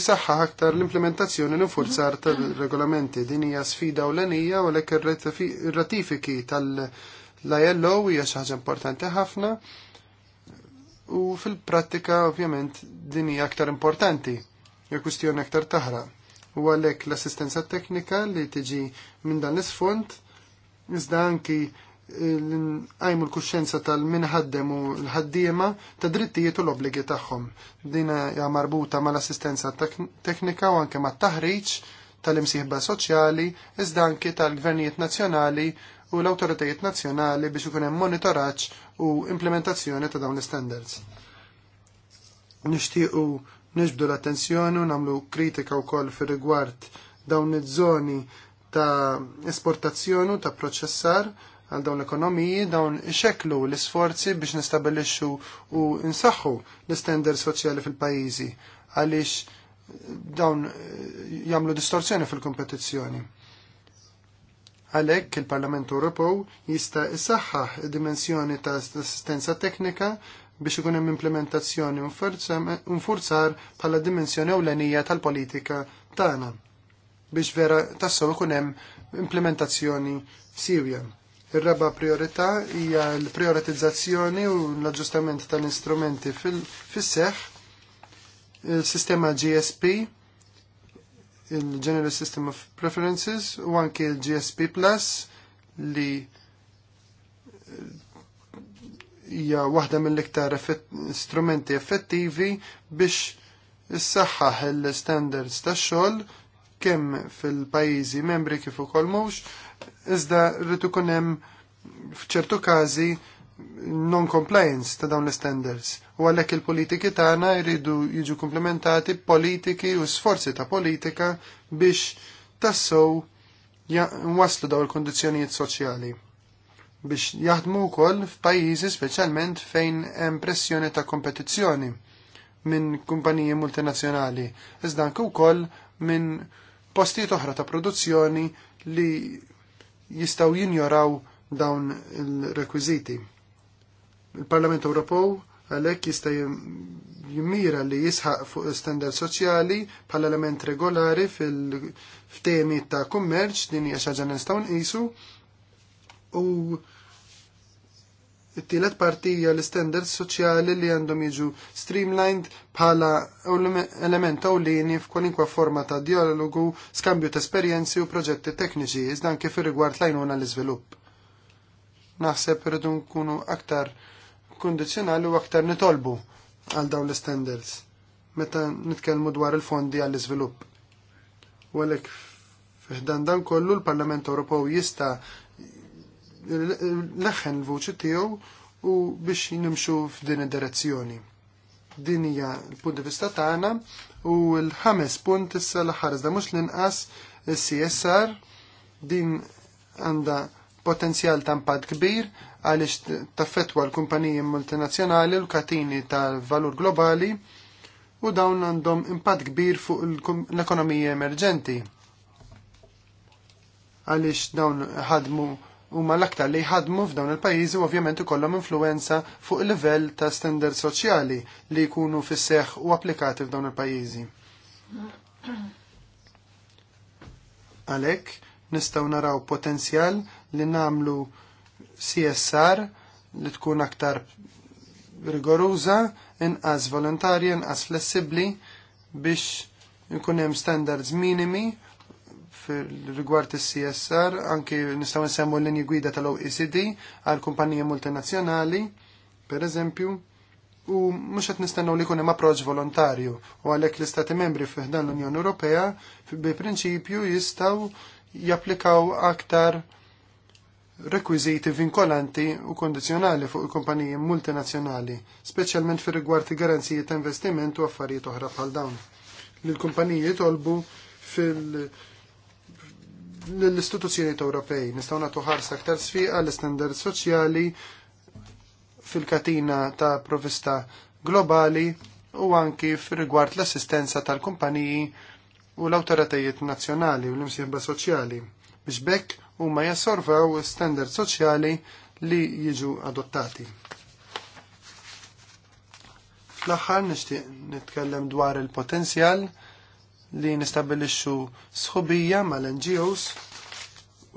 isaħħa aktar l-implementazzjoni l-infurzar tal-regolamenti. Din hija sfida ewlenija u għalhekk ir-ratifiki tal-ILO hija xi ħaġa importanti ħafna u fil-prattika ovvjament din hija aktar importanti, hija kwistjoni aktar taħraq u għalhekk l-assistenza teknika li tiġi minn dan l-isfond iżda anki għajmu l-kuxenza tal-minħaddem u l-ħaddiema ta' drittijiet u l-obligi tagħhom. Dina hija marbuta mal-assistenza teknika u anke mat-taħriġ tal-imsieħba soċjali iżda anki tal-gvernijiet nazzjonali u l-autoritajiet nazzjonali biex ikun hemm monitoraġġ u implementazzjoni ta' dawn l-standards. Nixtiequ Nixbdu l-attenzjoni u namlu kritika wkoll fir-rigward dawn iż-żoni ta' esportazzjoni ta' proċessar għal dawn l-ekonomiji dawn ixeklu l-isforzi biex nistabilixxu u nsaħħu l-istender soċjali fil-pajjiżi għaliex dawn eh, jagħmlu distorsjoni fil-kompetizzjoni. Għalhekk il-Parlament Ewropew jista' jsaħħaħ id-dimensjoni ta' assistenza teknika biex ikun hemm implementazzjoni unfurzar bħala dimensjoni ewlenija tal-politika tagħna biex vera tassew ikun hemm implementazzjoni sirja. Ir-raba priorità hija l-prioritizzazzjoni u l-aġġustament tal-istrumenti fis-seħħ, il-sistema GSP, il-General System of Preferences u anke il-GSP Plus li hija waħda mill-iktar strumenti effettivi biex issaħħaħ il-standards tax-xogħol kemm fil-pajjiżi membri kif ukoll mhux, iżda rrid ikun hemm f'ċertu każi non-compliance ta' dawn l-standards. U għalhekk il-politiki tagħna jridu jiġu komplementati politiki u sforzi ta' politika biex tassow waslu daw il-kondizzjonijiet soċjali biex jaħdmu wkoll f'pajjiżi speċjalment fejn hemm pressjoni ta' kompetizzjoni minn kumpaniji multinazzjonali, iżda anke wkoll minn postijiet oħra ta' produzzjoni li jistgħu jinjoraw dawn il-rekwiżiti. Il-Parlament Ewropew għalhekk jista' jimmira li jisħaq fuq standard soċjali bħala element regolari fil-ftemi ta' kummerċ din hija xi ħaġa nistgħu nqisu u It-tielet partija l-standards soċjali li għandhom jiġu streamlined bħala element ewlieni f'kwalinkwa forma ta' dialogu, skambju ta' esperjenzi u proġetti tekniċi, iżda kif fir rigward lajnuna l-iżvilupp. Naħseb irridu nkunu aktar kundizzjonali u aktar nitolbu għal dawn l-standards meta nitkellmu dwar il-fondi għall-iżvilupp. U għalhekk Fiħdan dan kollu l-Parlament Ewropew jista' leħen l-voċi tiegħu u biex nimxu f'din id-direzzjoni. Din hija l-punt vista tagħna u l-ħames punt issa l-ħares da mhux l-inqas csr din għandha potenzjal ta' impatt kbir għaliex taffetwa l-kumpaniji multinazzjonali l katini tal-valur globali u dawn għandhom impatt kbir fuq l-ekonomija emerġenti għaliex dawn ħadmu huma l-aktar li jħadmu f'dawn il-pajjiżi ovvjament ikollhom influenza fuq il-livell ta' standard soċjali li jkunu fis-seħħ u applikati f'dawn il-pajjiżi. Għalhekk nistgħu naraw potenzjal li nagħmlu CSR li tkun aktar rigoruża, inqas volontarja, inqas flessibbli biex ikun hemm standards minimi fil-rigward is-CSR, anki nistgħu nsemmu l-linji gwida tal-OECD għal kumpaniji multinazzjonali, per eżempju, u mhux qed nistennew li jkun hemm volontarju u għalhekk l-Istati membri fih dan l-Unjoni Ewropea bi prinċipju jistgħu japplikaw aktar rekwiziti vinkolanti u kondizjonali fuq il-kumpaniji multinazzjonali, speċjalment fir rigward garanzijiet ta' investiment u affarijiet oħra bħal dawn. Li l-kumpaniji tolbu fil- l-istituzzjonijiet Ewropej. Nistgħu nagħtu ħarsa aktar sfiqa l-istandard soċjali fil-katina ta' provista globali u anki f'rigward l-assistenza tal-kumpaniji u l-awtoritajiet nazzjonali u l-imsieħba soċjali biex bekk huma jassorvaw standard soċjali li jiġu adottati. Fl-aħħar nixtieq nitkellem dwar il-potenzjal li nistabilixxu sħubija mal-NGOs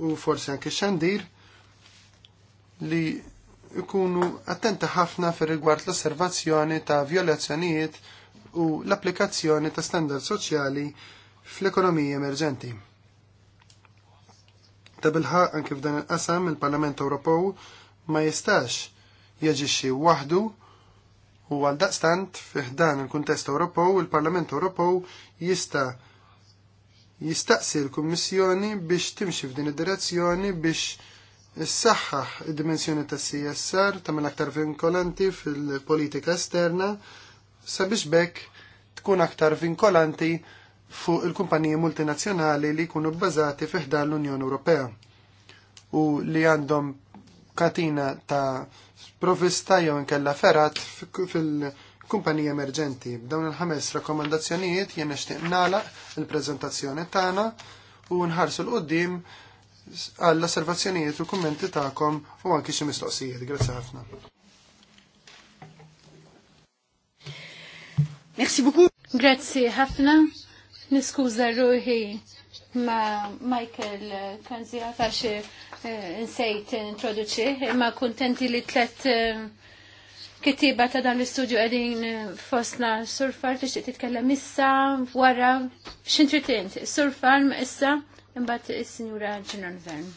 u forsi anke xandir li ikunu attenti ħafna fir rigward l-osservazzjoni ta' violazzjonijiet u l-applikazzjoni ta' standard soċjali fl-ekonomiji emerġenti. Ta' bilħa anke f'dan il-qasam il-Parlament Ewropew ma jistax jaġixxi waħdu U għal daqstant, fiħdan il-kuntest Ewropew, il-Parlament Ewropew jista' jistaqsi l-Kummissjoni biex timxi f'din id-direzzjoni biex issaħħaħ id-dimensjoni ta' CSR tagħmel aktar vinkolanti fil-politika esterna sabiex bekk tkun aktar vinkolanti fuq il-kumpaniji multinazzjonali li jkunu bbażati fiħdan l-Unjoni Ewropea u li għandhom katina ta' provista jew inkella ferat fil-kumpanija emerġenti. B'dawn il-ħames rakkomandazzjonijiet jien nixtieq nagħlaq il-preżentazzjoni tagħna u nħarsu l-qudiem għall-osservazzjonijiet u kummenti tagħkom u anki xi mistoqsijiet. Grazzi ħafna. Merci beaucoup. Grazzi ħafna. Niskuża ruħi ma Michael Kanzi għax eh, nsejt introduċi, ma kontenti li tlet eh, kittiba ta' dan l studio għedin eh, fosna surfar, tixtiq titkellem issa, wara, xintritint surfar ma issa, imbat il-Sinjura Ġenon Vern.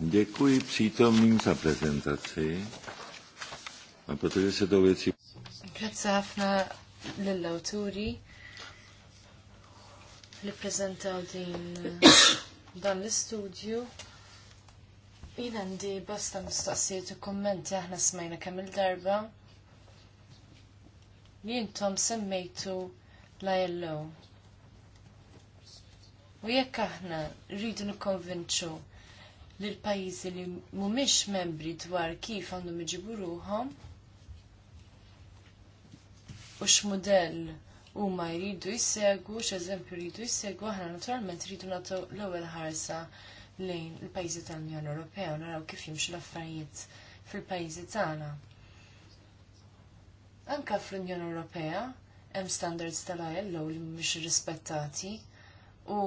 Dziękuję przytomnym sa prezentację. ma potem se dovezi Grazie a tutti li prezentaw din *coughs* dan l-istudju. Jina għandi basta mistoqsijiet u kommenti aħna smajna kemm il-darba. Jintom semmejtu la jello. U jekk aħna rridu nikkonvinċu li l-pajjiżi li mhumiex membri dwar kif għandhom iġibu u x x'mudell u ma jridu jissegu, x'eżempju jridu jissegu, aħna naturalment jridu nagħtu l-ewwel ħarsa lejn il-pajjiżi tal-Unjoni Ewropea u naraw kif jimxu l-affarijiet fil-pajjiżi tagħna. Anka fl-Unjoni Ewropea hemm standards tal-ILO li mhumiex irrispettati u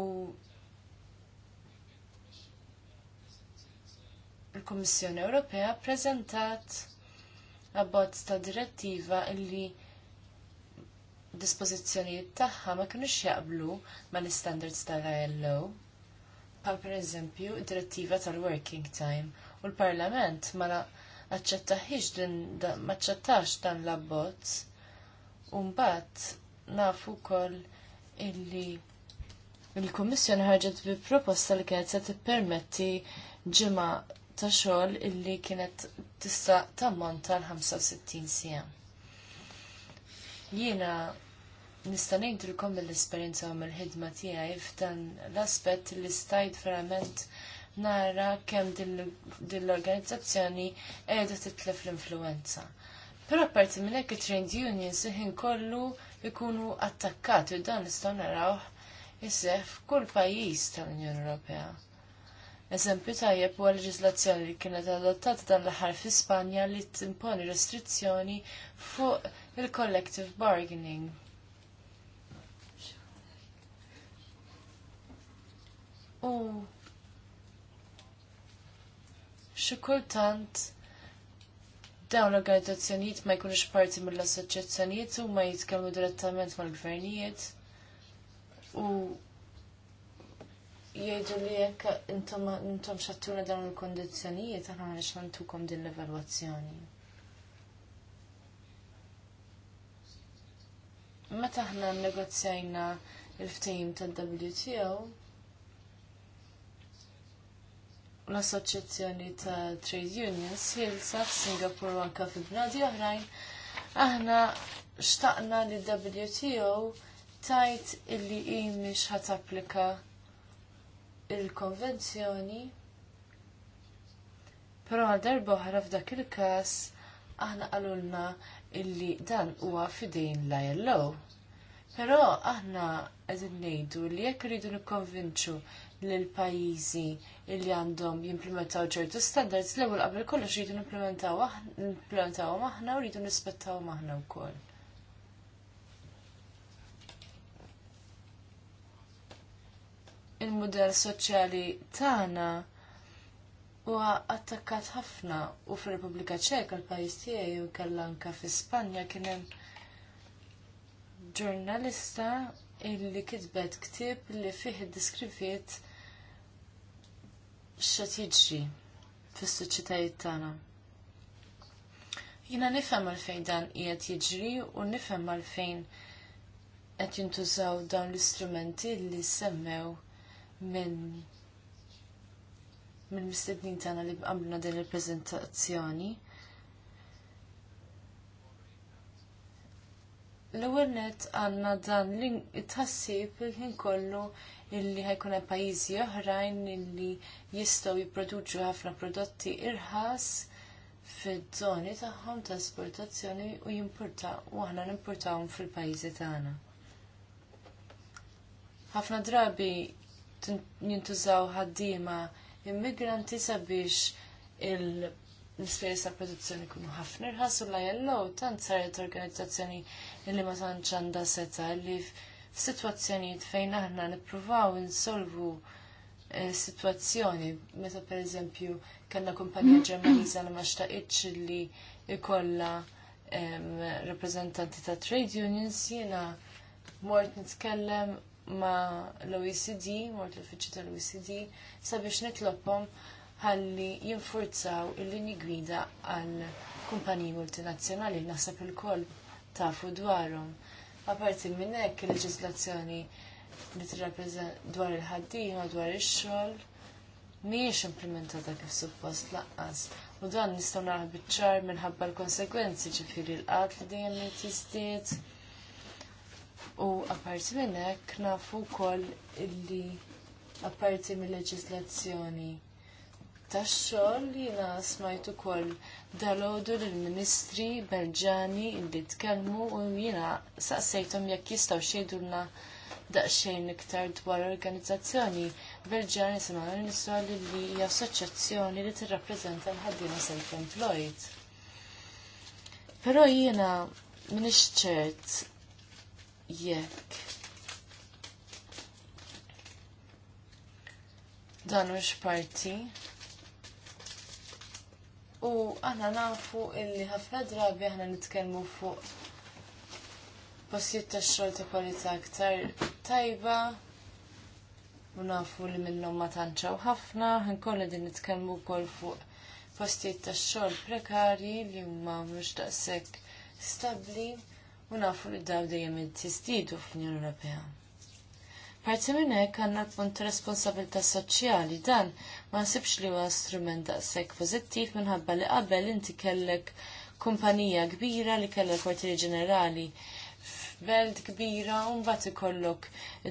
il-Kummissjoni Ewropea ppreżentat abbozz ta' direttiva illi dispożizzjonijiet tagħha ma kinux jaqblu mal-istandards tal-ILO, bħal pereżempju id-direttiva tal-working time, u l-Parlament ma aċċettaħiex din ma aċċettax dan l-abbozz. u mbagħad nafu wkoll illi il-Kummissjoni ħarġet bi proposta li kienet se tippermetti ġimgħa ta' xogħol illi kienet tista' tammonta l-65 sija. Jiena nista' ngħidilkom mill-esperjenza u mill-ħidma tiegħi f'dan l-aspett li stajt verament nara kemm din l-organizzazzjoni qiegħda titlef l-influenza. Però apparti minn hekk it-trade unions iħin kollu jkunu attakkati u dan nistgħu narawh isseħ f'kull pajjiż tal-Unjoni Ewropea. Eżempju tajjeb huwa leġiżlazzjoni li kienet adottata dan l-aħħar fi Spanja li timponi restrizzjoni fuq il-collective bargaining U xi kultant dawn l-organizzazzjonijiet ma jkunux parti mill-assoċjazzjonijiet u ma jitkellmu direttament mal-gvernijiet u jgħidu li jekk intom intom xattuna dawn il-kondizzjonijiet aħna għaliex nantukom din l-evalwazzjoni. Meta aħna negozjajna il-ftehim tad-WTO, l-Assoċjazzjoni ta' Trade Unions Hilsa f'Singapur u anka fil-bnadi oħrajn, aħna xtaqna li WTO tajt illi hi miex ħat applika il-konvenzjoni. Però għal darba oħra f'dak il-każ aħna qalulna illi dan huwa fidejn la jellow. Però aħna qegħdin ngħidu li jekk iridu nikkonvinċu l-pajizi illi għandhom jimplementaw ċertu standards l ewwel qabel kollox rridu nimplementaw maħna u rridu nispettaw maħna wkoll. Il-modell soċjali tagħna huwa attakkat ħafna u fir-Repubblika Ċeka l-pajjiż tiegħi u kellha anke fi Spanja kien hemm ġurnalista illi kitbet ktieb li fih diskriviet x'qed jiġri fis-soċjetajiet tagħna. Jiena nifhem għalfejn dan qiegħed jiġri u nifhem għalfejn qed jintużaw dawn l-istrumenti li semmew minn minn mistednin tagħna li għamluna din il-preżentazzjoni. L-ewwel net għandna dan it-tħassib l ħin kollu illi ħajkun hemm pajjiżi oħrajn illi jistgħu jipproduċu ħafna prodotti irħas fid-żoni tagħhom ta' esportazzjoni u jimpurtaw u aħna nimpurtawhom fil-pajjiżi tagħna. Ħafna drabi jintużaw ħaddiema immigranti sabiex il l-ispejjeż ta' produzzjoni jkunu ħafna irħas u l jellow tant saret organizzazzjoni li ma tantx għandha seta' li f'sitwazzjonijiet fejn aħna nippruvaw insolvu eh, situazzjoni, meta per eżempju kanna kumpanija ġermaniza li ma xtaqitx li ikolla rappresentanti ta' trade unions, jena mort nitkellem ma l-OECD, mort l-uffiċi tal-OECD, sabiex nitlobhom ħalli jinfurzaw il-linji gwida għal kumpaniji multinazzjonali naħseb il-koll tafu dwarhom. Aparti minn hekk il-leġiżlazzjoni li t-reprezent dwar il ħaddiħa dwar ix-xogħol mhijiex implementata kif suppost laqqas. U dan nistgħu naraħ biċ-ċar minħabba l-konsegwenzi ġifieri l-qatt li dejjem jitjistiet. U apparti minn hekk nafu wkoll illi apparti mill-leġiżlazzjoni tax-xogħol jina smajtu ukoll dalodu lill-Ministri Belġani illi tkellmu u jiena staqsejthom jekk jistgħu xejdulna daqsxejn iktar dwar organizzazzjoni Belġani sema ministru li hija assoċjazzjoni li tirrappreżenta l-ħaddiema self-employed. Però jiena minix ċert jekk dan mhux parti U aħna nafu illi ħafna drabi aħna nitkellmu fuq postijiet ta' xogħol ta' kwalità aktar tajba. U nafu li minnhom ma tantxaw ħafna, kolla din nitkellmu wkoll fuq postijiet ta' xogħol prekarji li huma mhux daqshekk stabbli u nafu li daw dejjem tistidu fl-Unjoni Ewropea. Parti minn hekk għandna punt responsabilta' soċjali dan ma nsibx li huwa strument daqshekk pożittiv minħabba li qabel inti kellek kumpanija kbira li kellha kwartieri ġenerali f'belt kbira u mbagħad ikollok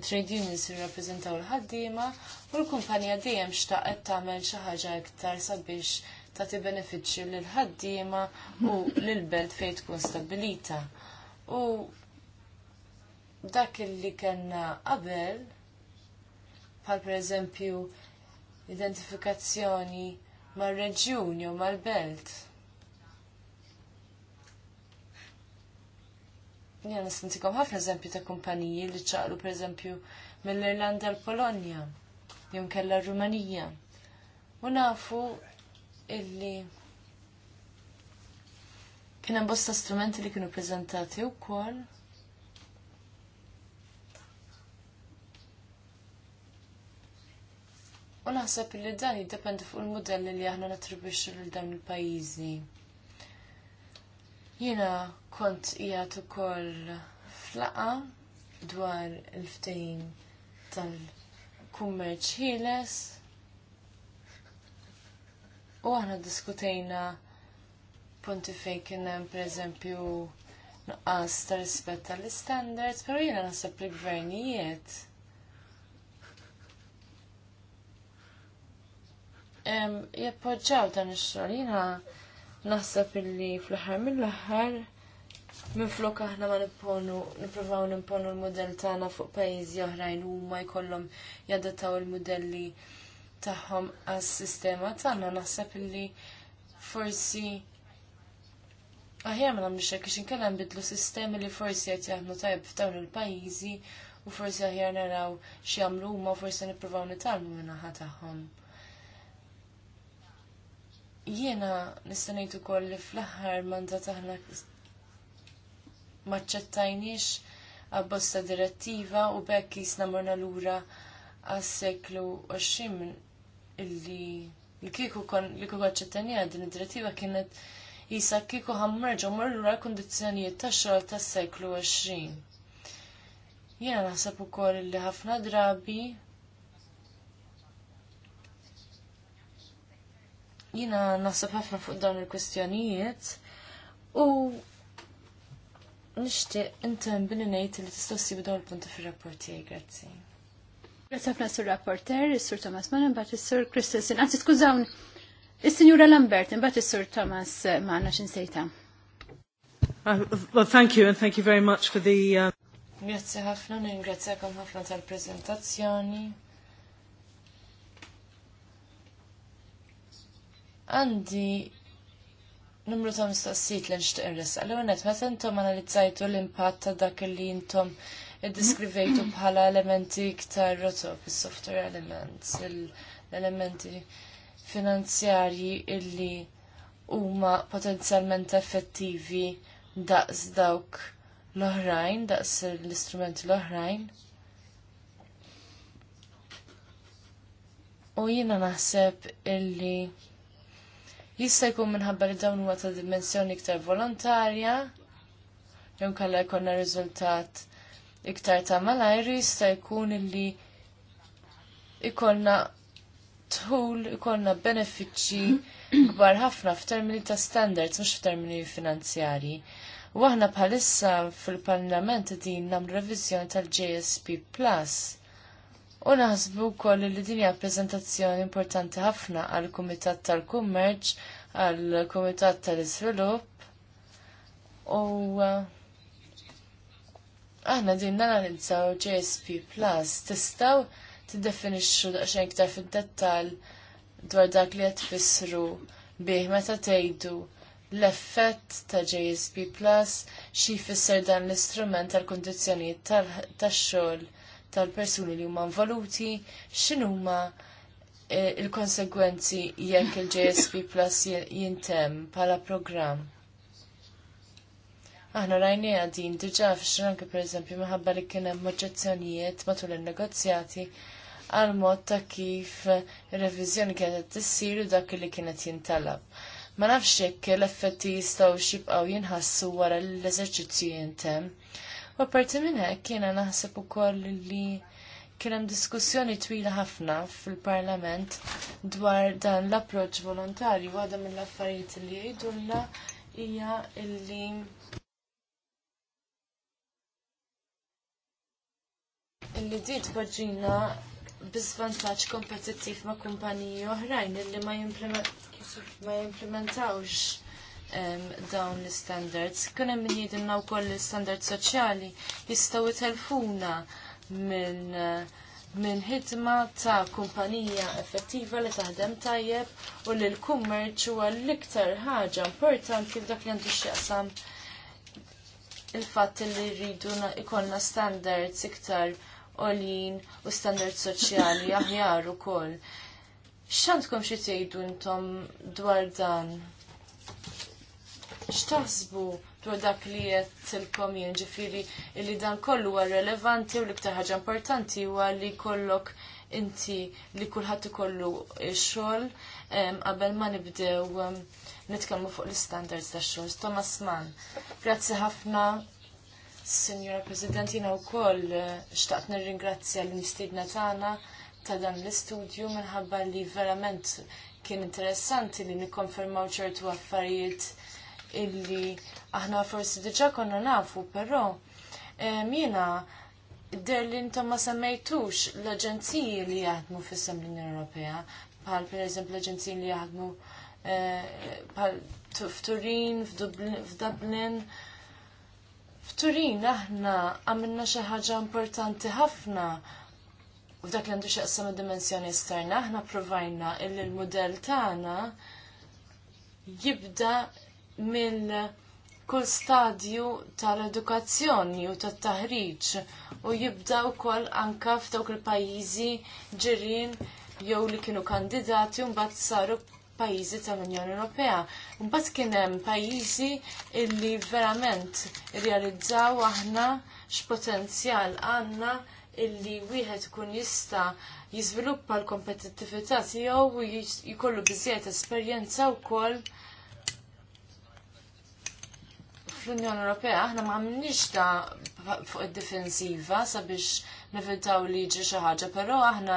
trade unions jirrappreżentaw l-ħaddiema u l-kumpanija dejjem xtaqet tagħmel xi ħaġa iktar sabiex tagħti benefiċċju lil ħaddiema u lil belt fejn tkun stabilita. U dak li kellna qabel, bħal pereżempju identifikazzjoni mal-reġjun jew mal-belt. Jena nistintikom ħafna eżempju ta' kumpaniji li ċaqlu per eżempju mill-Irlanda l-Polonja jew kella r-Rumanija. U nafu illi kien hemm bosta strumenti li kienu preżentati wkoll U naħseb li dan jiddependi fuq il modelli li aħna natribwixxu lil dawn il-pajjiżi. Jiena kont qiegħed ukoll flaqa dwar il-ftehim tal-kummerċ ħieles u aħna diskutejna punti fejn kien hemm pereżempju nuqqas ta' rispett tal-istandards, però jiena naħseb li gvernijiet jappoġġaw dan ix xorina naħseb illi fl-aħħar mill-aħħar minflok aħna ma nipponu, nippruvaw nipponu l-modell tagħna fuq pajjiżi oħrajn huma jkollhom jadattaw il-modelli tagħhom għas-sistema tagħna naħseb illi forsi Aħjar ma nagħmlux hekk biex inkella nbidlu sistemi li forsi qed jaħdmu tajb f'dawn il-pajjiżi u forsi aħjar naraw u huma forsi nippruvaw nitalmu min-naħa tagħhom. Jiena u ukoll li fl-aħħar manda taħna maċċettajniex abbosta direttiva u bekk jisna morna lura għas-seklu 20 illi li kiku kon li kiku din id-direttiva kienet jisa kiku ħammerġu morru l kondizjonijiet ta' xogħol tas seklu 20. Jiena naħseb ukoll li ħafna drabi jina nasib ħafna fuq dawn il-kwestjonijiet u nishti intem billi ngħid li tista' ssib dawn punti fir-rapport tiegħi, grazzi. Grazzi ħafna sur rapporter, sur Thomas Mann, imbagħad is-Sur Christensen. Anzi skużawn, is-Sinjura Lambert, imbagħad is-Sur Thomas Mann għaxin sejta. Uh, well, thank you and thank you very much for the uh... Grazzi ħafna, ningrazzjakom ħafna tal-prezentazzjoni. Għandi numru ta' mistoqsijiet li nixtieq irressa. L-għonet, meta intom analizzajtu l-impatt ta' dak li intom iddiskrivejtu bħala elementi iktar rotob, il-software elements, l-elementi finanzjarji illi huma potenzjalment effettivi daqs dawk l-oħrajn, daqs l-istrumenti l-oħrajn. U jiena naħseb illi Jista' jkun minħabba li dawn huwa ta' dimensjoni iktar volontarja, jew kalla jkollna riżultat iktar ta' malajr, jista' jkun illi ikollna tħul, ikollna benefiċċji *clears throat* kbar ħafna f'termini ta' standards, mhux f'termini finanzjarji. U aħna bħalissa fil-Parlament din nagħmlu reviżjoni tal-JSP Plus U naħsbu wkoll li din hija preżentazzjoni importanti ħafna għall kumitat tal-Kummerċ, għall kumitat tal-Iżvilupp. U uh, aħna din nanalizzaw JSP Plus tistgħu tiddefinixxu daqsxejn iktar fid-dettall dwar dak li qed tfissru bih meta tgħidu l-effett ta' JSP Plus xi jfisser dan l-istrument tal-kundizzjonijiet tax-xogħol tal-persuni li huma involuti, x'inhuma eh, il-konsegwenzi jekk il-JSP Plus jintem bħala programm. Aħna rajni għadin diġa fxranke per pereżempju minħabba li kien hemm oġġezzjonijiet matul in-negozjati għal mod ta' kif ir-reviżjoni kienet tissir u dak li kienet jintalab. Ma nafx jekk l-effetti jistgħu xibqgħu jinħassu wara l-eżerċizzju jintem. U apparti minn hekk jiena naħseb ukoll li kien hemm diskussjoni twila ħafna fil-Parlament dwar dan l-approċċ volontarju għadha mill-affarijiet li jgħidulna hija illi illi di tpoġġina biżvantaġġ kompetittiv ma' kumpaniji oħrajn illi ma, ma jimplementawx dawn l-standards. Kunem min jidinna u koll l-standards soċjali jistaw telfuna minn eh, min hitma ta' kumpanija effettiva li taħdem tajjeb u li l-kummerċ huwa l-iktar ħaġa importanti f'dak li għandu x'jaqsam il-fatt li rridu ikonna standards iktar olin u standards soċjali *coughs* aħjar ukoll. X'għandkom xi tgħidu intom dwar dan? x'taħsbu dwar dak li qed tilkom jien ġifieri li dan kollu huwa relevanti u l-iktar ħaġa importanti huwa li kollok inti li kulħadd ikollu x-xogħol qabel ma nibdew nitkellmu fuq l-standards tax-xogħol. Thomas Mann, grazzi ħafna Signora President, jina u koll eh, xtaqt nirringrazzja l-mistidna tagħna ta' dan l-istudju minħabba li verament kien interessanti li nikkonfermaw ċertu affarijiet illi aħna forsi diġa konna nafu, però jiena der li ma semmejtux l-aġenziji li jaħdmu fis-sem l-Unjoni Ewropea, bħal pereżempju l-aġenziji li jaħdmu eh, bħal f'Turin, f'Dublin. F'Turin aħna għamilna xi ħaġa importanti ħafna f'dak li għandu xaqsam id-dimensjoni esterna, aħna provajna illi l-modell tagħna jibda mill kull stadju tal-edukazzjoni u tat-taħriġ u jibda wkoll anka f'dawk il-pajjiżi ġirin jew li kienu kandidati un mbagħad saru pajjiżi tal-Unjoni Ewropea. Mbagħad kien hemm pajjiżi illi verament realizzaw aħna x'potenzjal għandna illi wieħed kun jista' jiżviluppa l-kompetittività tiegħu u jkollu biżjed esperjenza wkoll fl-Unjoni Ewropea aħna ma għamniex ta' fuq id-difensiva sabiex nevitaw li ġi xi ħaġa, però aħna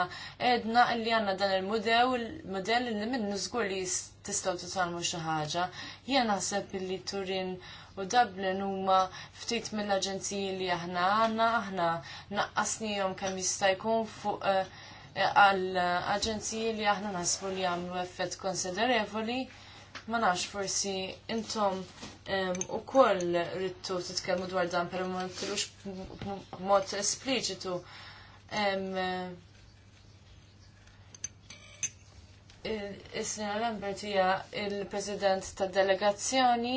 edna li għandna dan il mudew mudell li minnu żgur li tistgħu titalmu xi ħaġa. Jien naħseb li Turin u Dublin huma ftit mill-aġenziji li aħna għandna, aħna naqqasnihom kemm jista' jkun fuq eh, għall aġenziji li aħna nasbu li għamlu effett konsiderevoli Ma nafx forsi intom u koll rittu titkellmu dwar dan, pero ma tilux b'mod espliċitu. is sena Lambert hija il-President tad delegazzjoni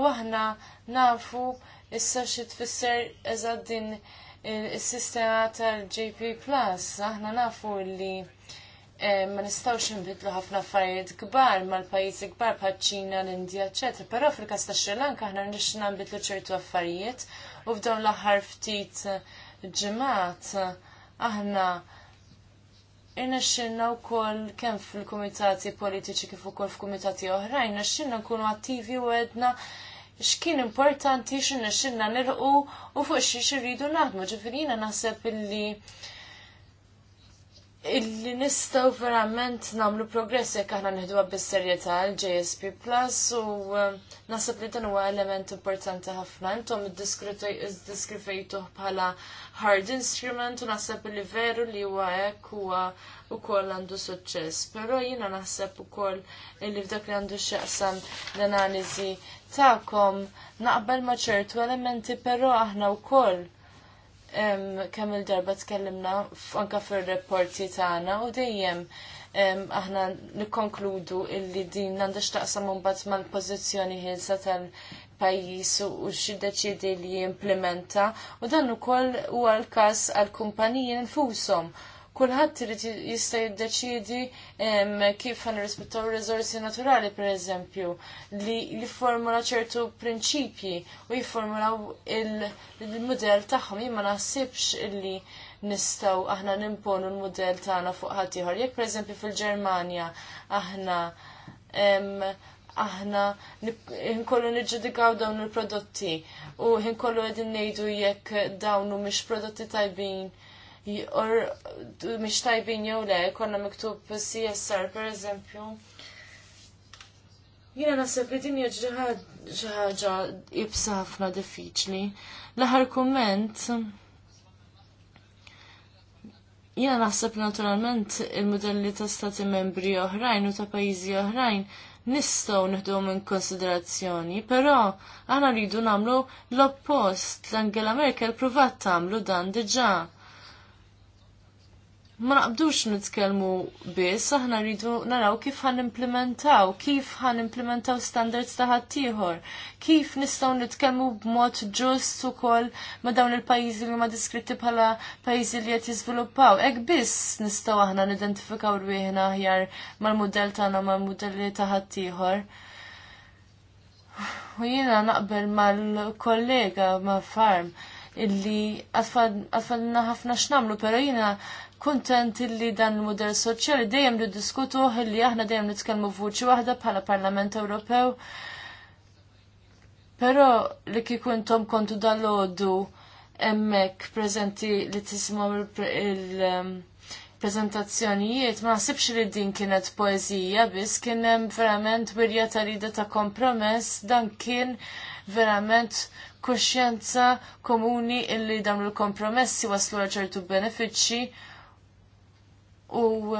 u aħna nafu issa xi tfisser eżad din is-sistema tal-JP Plus. Aħna nafu li Eh, ma nistawx nbidlu ħafna affarijiet kbar mal-pajjiżi kbar bħal ċina, l-Indja, eċetera. Però fil-każ ta' Sri Lanka aħna nixna nbidlu ċertu affarijiet u f'dawn l-aħħar ftit ġimgħat aħna Irna xinna u koll kem fil-komitati politiċi kif u koll oħra, oħrajn, xinna nkunu attivi u għedna xkien importanti xinna xinna nirqu u fuq xie xirridu naħdmu ġifirina naħseb illi illi nistaw verament namlu progress jekk aħna nieħduha bis-serjetà l-JSP Plus u eh, naħseb li dan huwa element importanti ħafna intom iddiskrifejtuh bħala hard instrument u naħseb li veru li huwa hekk huwa wkoll għandu suċċess. Però jiena naħseb ukoll illi f'dak li għandu x'jaqsam l-analiżi tagħkom naqbel ma' ċertu elementi però aħna wkoll kemm il-darba tkellimna anka fir-reporti tagħna u dejjem aħna nikkonkludu illi din għandha x'taqsam imbagħad mal-pożizzjoni ħilsa tal-pajjiż u x'iddeċiedi li jimplementa u dan ukoll huwa l-każ għall-kumpaniji infushom. Kulħadd irid jista' jiddeċiedi kif għan rispettaw rizorsi naturali, per eżempju, li jiformula ċertu prinċipji u jiformulaw il model tagħhom. Jien ma naħsibx li nistaw aħna nimponu l model tagħna fuq ħadd ieħor. Jekk pereżempju fil-Ġermanja aħna aħna nkollu niġġudikaw dawn il-prodotti u nkollu qegħdin ngħidu jekk dawn mhumiex prodotti tajbin mhix tajbin jew le, konna miktub CSR pereżempju. Jiena naħseb li din hija xi ħaġa ibsa ħafna diffiċli. L-aħħar kumment Jiena naħseb naturalment il-modelli ta' stati membri oħrajn u ta' pajjiżi oħrajn nistaw nħdu minn konsiderazzjoni, pero għana rridu namlu l-oppost l-Angela Merkel provat tamlu dan diġa ma naqbdux nitkellmu biss, aħna rridu naraw kif ħan implementaw, kif ħan implementaw standards ta' ħaddieħor, kif nistgħu nitkellmu b'mod ġust ukoll ma' dawn il-pajjiżi li ma' diskritti bħala pajjiżi li qed jiżviluppaw. Hekk biss nistgħu aħna nidentifikaw rwieħna aħjar mal-mudell tagħna mal-mudelli ta' ħaddieħor. U jiena naqbel mal-kollega ma' farm illi għatfadna ħafna xnamlu, pero jina kontent li dan il model soċjali dejjem li diskutu illi aħna dejjem nitkellmu f'vuċi waħda bħala Parlament Ewropew. Però li kieku intom kontu dal-ħodu emmek prezenti li tismaw il- prezentazzjonijiet ma nasibx li din kienet poezija biss kien hemm verament wirja tarida ta' kompromess dan kien verament kuxjenza komuni illi dawn il-kompromessi waslu ċertu benefiċċji u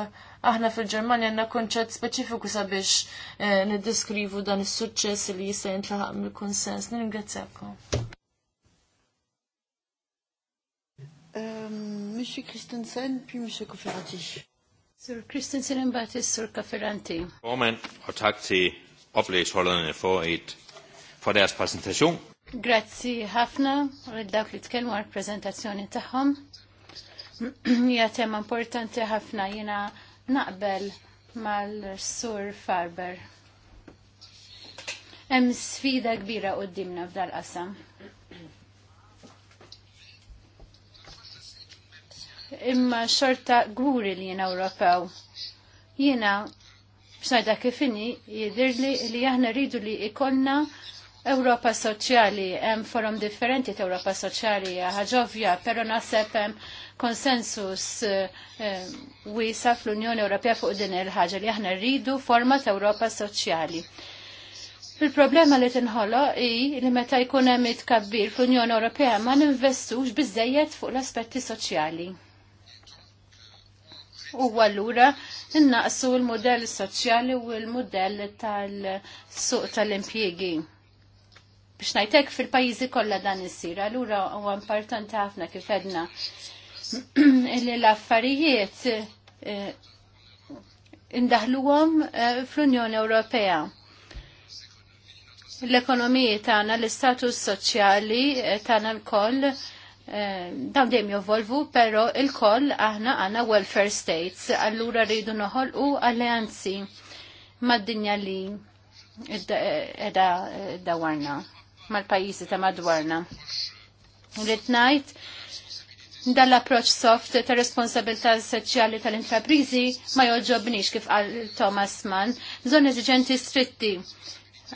aħna fil-Ġermanja għanna konċet specifiku sabiex eh, nid-deskrivu dan is-suċċess li jisajn tlaħam il-konsens. Ningrazzjakom. Um, Mr. Christensen, puis Mr. Kofferati. Sir Christensen imbagħad is Sir Kofferati. Formen, og takk til oplægsholderne for, et, for Grazie, Hafna, Grazzi ħafna għal dawk li tkellmu għal prezentazzjoni tagħhom. *clears throat* hija tema importanti ħafna jiena naqbel mal-sur Farber. Hemm sfida kbira qudiemna f'dal-qasam. Imma xorta gburi li jiena Ewropew. Jiena kif kifini jidirli li aħna rridu li ikonna Ewropa soċjali, hemm forum differenti ta' Ewropa soċjali, ħaġa ovvja, però naħseb hemm konsensus eh, eh, wiesa fl-Unjoni Ewropea fuq din il-ħaġa li aħna rridu forma ta' Ewropa soċjali. Il-problema li tinħolo i li meta jkun hemm itkabbir fl-Unjoni Ewropea ma ninvestux biżejjed fuq l-aspetti soċjali. U allura innaqsu l-modell soċjali u l-modell tal-suq tal-impjiegi biex najtek fil-pajizi kollha dan isir, allura huwa importanti ħafna kif edna *clears throat* illi l-affarijiet eh, indaħluhom eh, fl-Unjoni Ewropea. L-ekonomiji tagħna, l-istatus soċjali eh, tagħna l-koll dawn dejjem jovolvu, però l-koll aħna għandna welfare states, allura rridu noħolqu alleanzi mad-dinja li edha dawarna, mal-pajjiżi ta' madwarna. Rrid ngħid dan l-approċ soft ta' responsabilità soċjali tal-intraprizi ma joġobniex kif għal Thomas Mann. Bżon eżiġenti stritti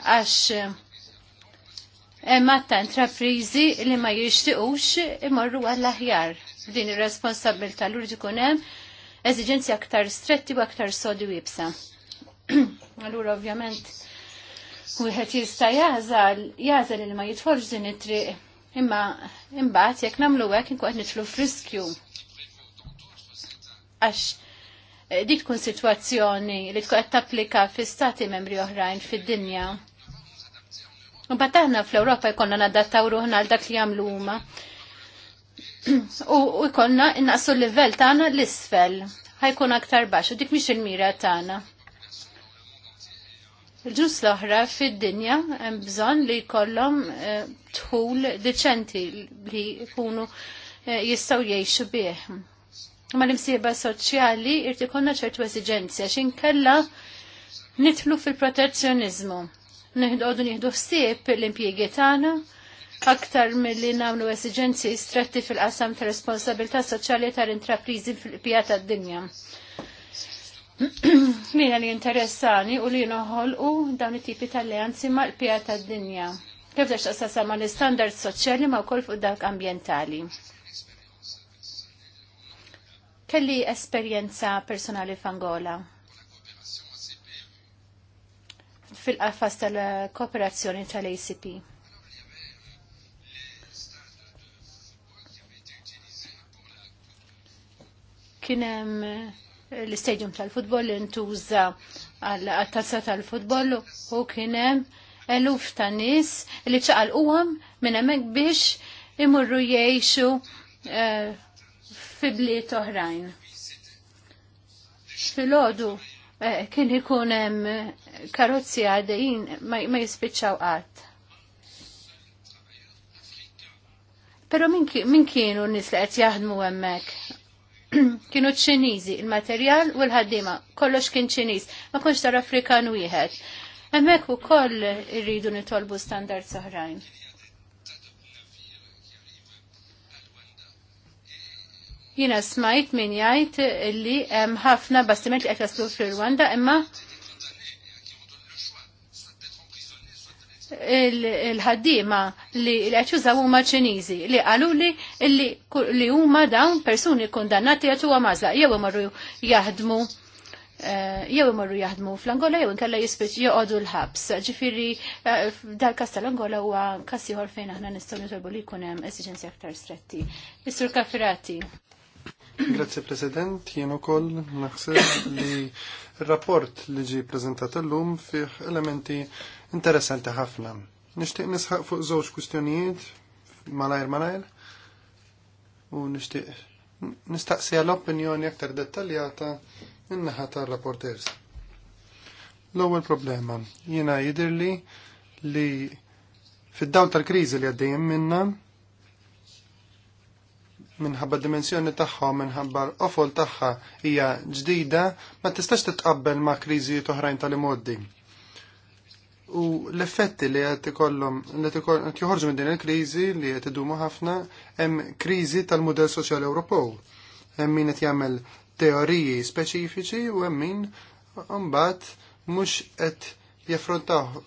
għax eh, ta' intraprizi li ma jixtiqux imorru għall-aħjar din ir-responsabilità l-urġi kunem eżiġenzi aktar stretti u aktar sodi wibsa. *clears throat* Allura ovvjament, wieħed jista' jażal, jażal li ma jitfolġ din it-triq Imma imbagħad jekk nagħmlu hekk inkun qed f'riskju. Għax eh, dik tkun sitwazzjoni li tkun qed tapplika fi stati membri oħrajn fid-dinja. Imbagħad aħna fl-Ewropa jkollna nadattaw ruħna għal dak li jagħmlu huma. U jkollna innaqsu l-livell tagħna l-isfel ħajkun aktar baxx u dik mhix il-mira tagħna. Il-ġus l-oħra fid-dinja hemm bżonn li jkollhom tħul eh, deċenti li jkunu eh, jistgħu jgħixu bih. Ma l-imsieba soċjali irti konna ċertu esiġenzi xin kella nitlu fil-protezzjonizmu. Nħidu nieħdu ħsieb l-impjiegi tagħna aktar mill-li namlu esigenzi stretti fil-qasam ta' responsabilità soċjali tal-intraprizi fil-pija tad dinja Smina li interessani u li noħol u dawn it-tipi tal-leanzi ma' l-pija tad-dinja. Kif dax taqsasa ma' l-standard soċjali ma' wkoll fuq dak ambientali. Kelli esperjenza personali f'Angola. Fil-qafas tal-kooperazzjoni tal-ACP. Kienem l-istadium tal-futbol li ntuża għal-tazza tal-futbol u kienem eluf ta' nis li ċaqal uwam minn hemmhekk biex imurru jgħixu eh, fi bliet oħrajn. Fil-ħodu eh, kien ikun hemm karozzi għaddejjin ma jispiċċaw qatt. Pero min kienu n-nis li qed jaħdmu hemmhekk *clears throat* kienu ċiniżi, il-materjal u l-ħaddima, kollox kien ċiniż, ma konx tar Afrikan wieħed. Hemmhekk ukoll irridu nitolbu standard soħrajn. Jiena smajt min jgħid li hemm ħafna bastiment li qed jaslu fil-Rwanda imma il-ħaddima li l-eċużaw huma ċiniżi li għalu li li huma dawn persuni kundannati għatu għamazla jew imorru jaħdmu eh, jew imorru jaħdmu fl-Angola jew inkella jispiċ joqogħdu l-ħabs. Ġifieri eh, dal-kas tal-Angola huwa każ ieħor fejn aħna nistgħu nitolbu li jkun hemm esiġenzi aktar stretti. Mr. Kafirati. Grazie President, jien ukoll naħseb li r-rapport li ġi l-lum fih elementi interessanti ħafna. Nixtieq nisħaq fuq żewġ kwistjonijiet malajr malajr u nixtieq nistaqsija l-opinjoni aktar dettaljata in-naħa tar-rapporters. L-ewwel problema jiena jidhirli li fid-dawl tal-kriżi li għaddejjem minna minħabba dimensjoni tagħha minħabba l-qofol tagħha hija ġdida ma tistax titqabbel ma' kriżijiet oħrajn tal-imoddi u l-effetti li għed ikollhom li qed joħorġu minn din il-kriżi li qed idumu ħafna hemm kriżi tal-mudell soċjali Ewropew. Hemm min qed jagħmel teoriji speċifiċi u hemm min mbagħad mhux qed jaffrontaw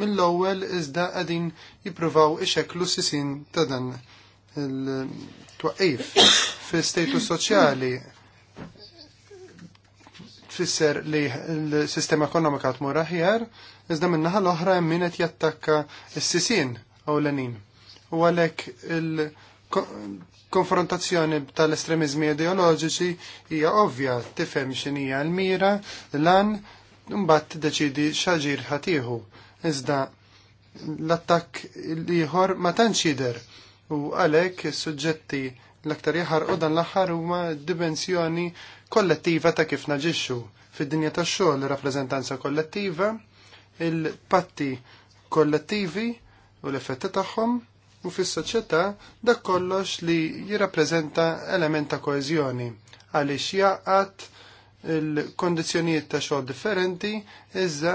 mill-ewwel iżda qegħdin jippruvaw ixekklu sisin ta' dan il-twaqif fil-status soċjali tfisser li l-sistema ekonomika tmur aħjar iżda minnaħa l-oħra hemm min qed jattakka s-sisin ewlenin. U għalhekk il-konfrontazzjoni tal-estremizmi ideoloġiċi hija ovvja tifhem x'inhija l-mira, lan, mbagħad tiddeċidi x'aġir ħatiħu. Iżda l-attakk ieħor ma tantx jidher u għalhekk is-suġġetti l-aktar u dan l-aħħar huma dimensjoni kollettiva ta' kif naġixxu fid-dinja tax-xogħol rappreżentanza kollettiva il-patti kollettivi u l-effetti tagħhom u fis-soċjetà dak kollox li jirrappreżenta element ta' koeżjoni għaliex jaqgħat il-kondizzjonijiet ta' xogħol differenti iżda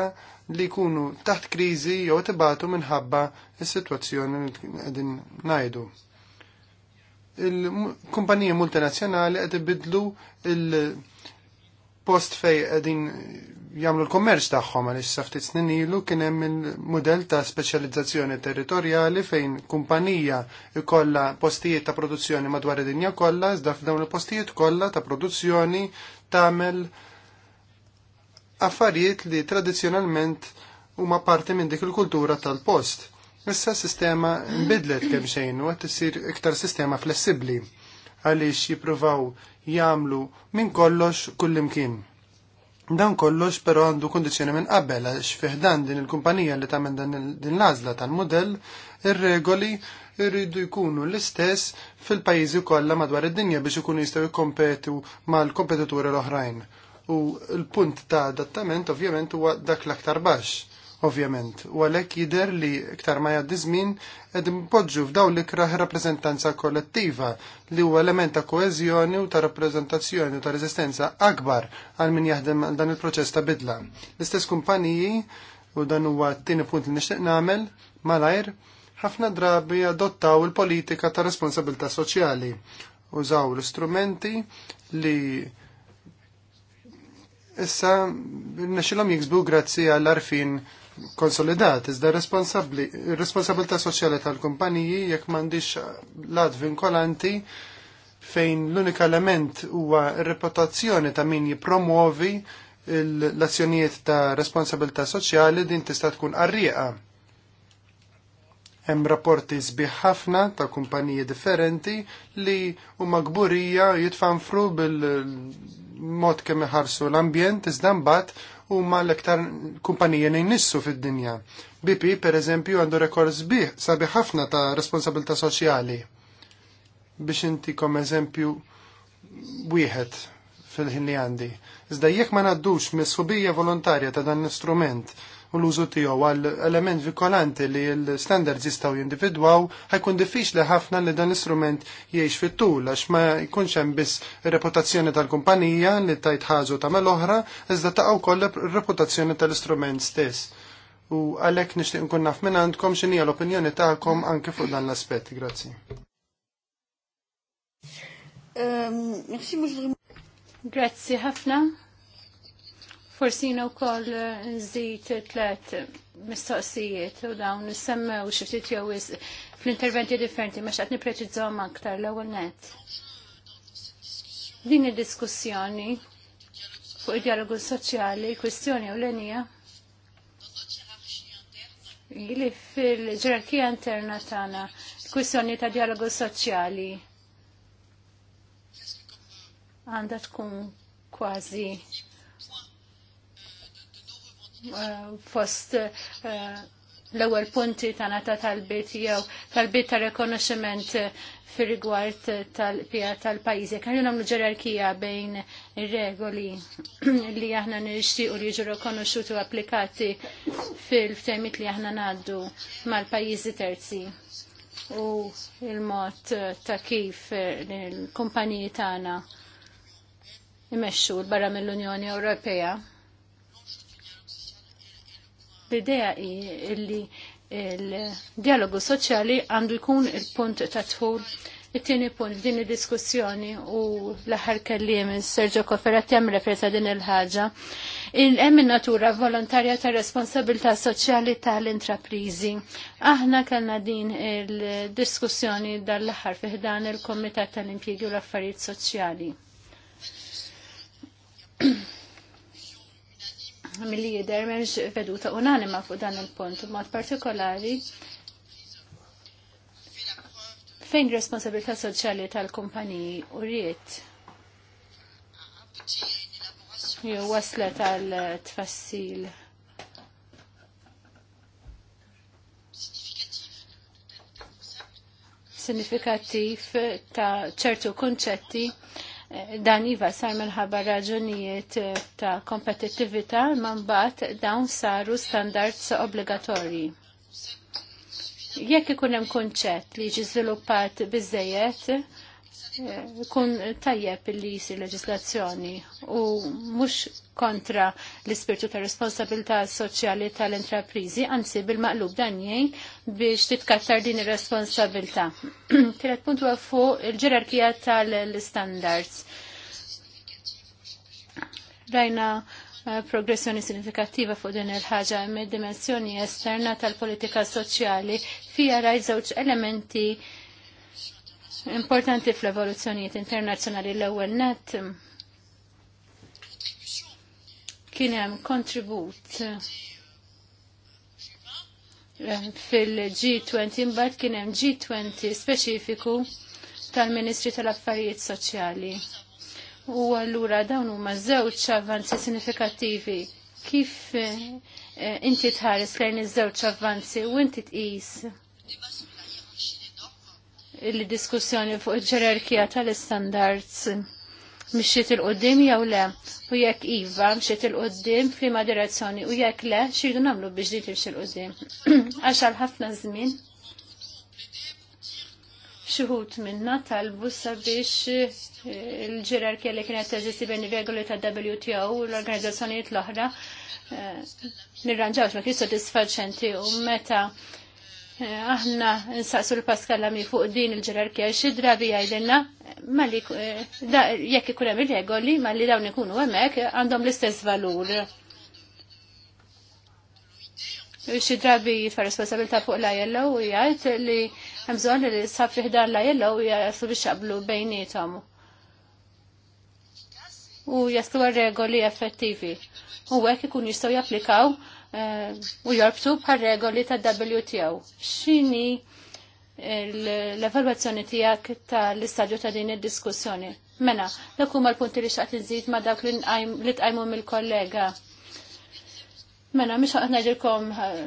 li jkunu taħt kriżi jew tibatu minħabba s-sitwazzjoni li qegħdin ngħidu. Il-kumpaniji multinazzjonali qed ibidlu il-post fej qegħdin Jamlu l-kommerċ tagħhom għal issa ftit snin ilu kien hemm il modell ta' speċjalizzazzjoni territorjali fejn kumpanija kollha postijiet ta' produzzjoni madwar id-dinja kollha iżda f'dawn il-postijiet kollha ta' produzzjoni tagħmel affarijiet li tradizzjonalment huma parti minn dik il-kultura tal-post. Issa sistema nbidlet kemm xejn u qed isir iktar sistema flessibbli għaliex jippruvaw jagħmlu minn kollox kullimkien Dan kollox però għandu kondizjoni minn qabel għax fiħdan din il-kumpanija li tamen din l-azla tal mudell ir-regoli rridu jkunu l-istess fil-pajjiżi kollha madwar id-dinja biex ikunu jistgħu jikkompetu mal-kompetituri l-oħrajn. U l-punt ta' adattament ovvjament huwa dak l-aktar baxx ovvjament. U għalhekk jidher li iktar ma jaddizmin żmien qed f'daw li l-ikraħ rappreżentanza kollettiva li huwa element ta' koeżjoni u ta' rappresentazzjoni u ta' rezistenza akbar għal min jaħdem dan il-proċess ta' bidla. L-istess kumpaniji u dan huwa t-tieni punt li nixtieq nagħmel malajr ħafna drabi adottaw il-politika ta' responsabilità soċjali. Użaw l-istrumenti li issa nexilom jiksbu grazzi għall-arfin konsolidat, iżda responsabilità soċjali tal-kumpaniji jekk m'għandix lat vinkolanti fejn l-unika element huwa reputazzjoni ta' min jipromuovi l-azzjonijiet ta' responsabilità soċjali din tista' tkun qarrieqa. Hemm rapporti sbieħ ħafna ta' kumpaniji differenti li huma gburija jitfanfru bil-mod kemm iħarsu l-ambjent iżda mbagħad huma l-iktar kumpanija li nissu fid-dinja. BP pereżempju għandu rekord sbieħ sabi ħafna ta' responsabilità soċjali. Biex inti kom eżempju wieħed fil-ħin li għandi. Iżda jekk ma naddux mis-subija volontarja ta' dan l-istrument u l-użu tiegħu għal element vikolanti li l-standards jistgħu jindividwaw ħajkun diffiċli ħafna li dan l-istrument jgħix fit-tul għax ma jkunx hemm biss reputazzjoni tal-kumpanija li tajt ħażu tagħmel oħra iżda taqgħu ir reputazzjoni tal-istrument stess. U għalhekk nixtieq nkun naf minn għandkom x'inhi l-opinjoni tagħkom anke fuq dan l aspett Grazzi. Ehm, Grazzi ħafna. Forsi u koll eh, nżid tlet mistoqsijiet u dawn semmew xiftit jew fl-interventi differenti ma xaqt nipreċizzom aktar l-ewwel net. Din id-diskussjoni fuq id-dialogu soċjali, kwistjoni u l-enija li fil-ġerarkija interna tagħna kwistjoni ta' dialogu soċjali għandha tkun kważi Eh, fost eh, l-ewwel punti nata tal talbiet jew talbiet ta' rekonoxximent fir-rigward tal-pija tal-pajjiżi. Kan jenom l ġerarkija bejn ir-regoli li aħna u li jiġu rikonoxxuti u applikati fil-ftehmiet li aħna ngħaddu mal-pajjiżi terzi u il-mod ta' kif l kumpaniji tagħna imexxu l-barra mill-Unjoni Ewropea L-idea hi li il-dialogu soċjali għandu jkun il-punt ta' tħul it-tieni punt din id-diskussjoni u l-aħħar kelliem Sergio Koferat jagħmel referenza din il-ħaġa. Il-hemm natura volontarja ta' responsabilità soċjali tal-intraprizi. Aħna kellna din il-diskussjoni dal-aħħar fih dan il-Komitat tal-Impjiegi u l-Affarijiet Soċjali mill-li jider veduta unanima fuq dan il-punt, mod partikolari fejn responsabilità soċjali tal-kumpaniji u riet jew waslet għal tfassil sinifikattiv ta' ċertu kunċetti dan iva sar minħabba raġunijiet ta' kompetittività imma mbagħad dawn saru standards obbligatorji. Jekk ikun hemm kunċett li jiġi żviluppat biżejjed, Eh, kun tajjeb li jisir leġislazzjoni u mux kontra l-ispirtu ta' responsabilità soċjali tal-intraprizi, anzi bil-maqlub dan jgħin biex titkattar din ir-responsabilità. *clears throat* Tiret punt għafu fuq il-ġerarkija tal-standards. Rajna eh, progressjoni sinifikattiva fuq din il-ħaġa me dimensjoni esterna tal-politika soċjali fija rajt żewġ elementi importanti fl-evoluzzjonijiet internazzjonali l-ewwel net kien hemm kontribut eh, fil-G20 imbagħad kien hemm G20 speċifiku tal-Ministri tal-Affarijiet Soċjali. U allura dawn huma żewġ avvanzi sinifikattivi kif eh, inti tħares lejn iż-żewġ avvanzi u inti tqis il-diskussjoni fuq il-ġerarkija tal-standards mxiet il-qoddim jew le, u jekk Iva mxiet il-qoddim f'liema direzzjoni u jekk le, xirdu nagħmlu biex din timxi il-qoddim. *clears throat* Għaxal ħafna żmien xuħut minna talbu sabiex eh, il-ġerarkija li kienet teżisti bejn regoli ta' WTO u l-organizzazzjonijiet l-oħra eh, nirranġawx ma kienu sodisfaċenti u meta aħna nsaqsu l-Paskalla mi fuq din il-ġerarkija xi drabi jgħidilna malli jekk ikun hemm ir-regoli li dawn ikunu hemmhekk għandhom l-istess valur. Xi drabi jitfa' responsabilità fuq la jella u jgħid li hemm li s-safri ħdar la jella u jaslu biex jaqblu bejnietom. U jaslu regoli effettivi. U hekk ikun jistgħu japplikaw Eh, u jorbtu bħal regoli ta' WTO. X'ini l-evalwazzjoni tiegħek tal-istadju ta' din id-diskussjoni? Mena, dak huma l-punti li xaqt inżid ma' dawk li tqajmu mill-kollega. Mena, mish qed ngħidilkom eh,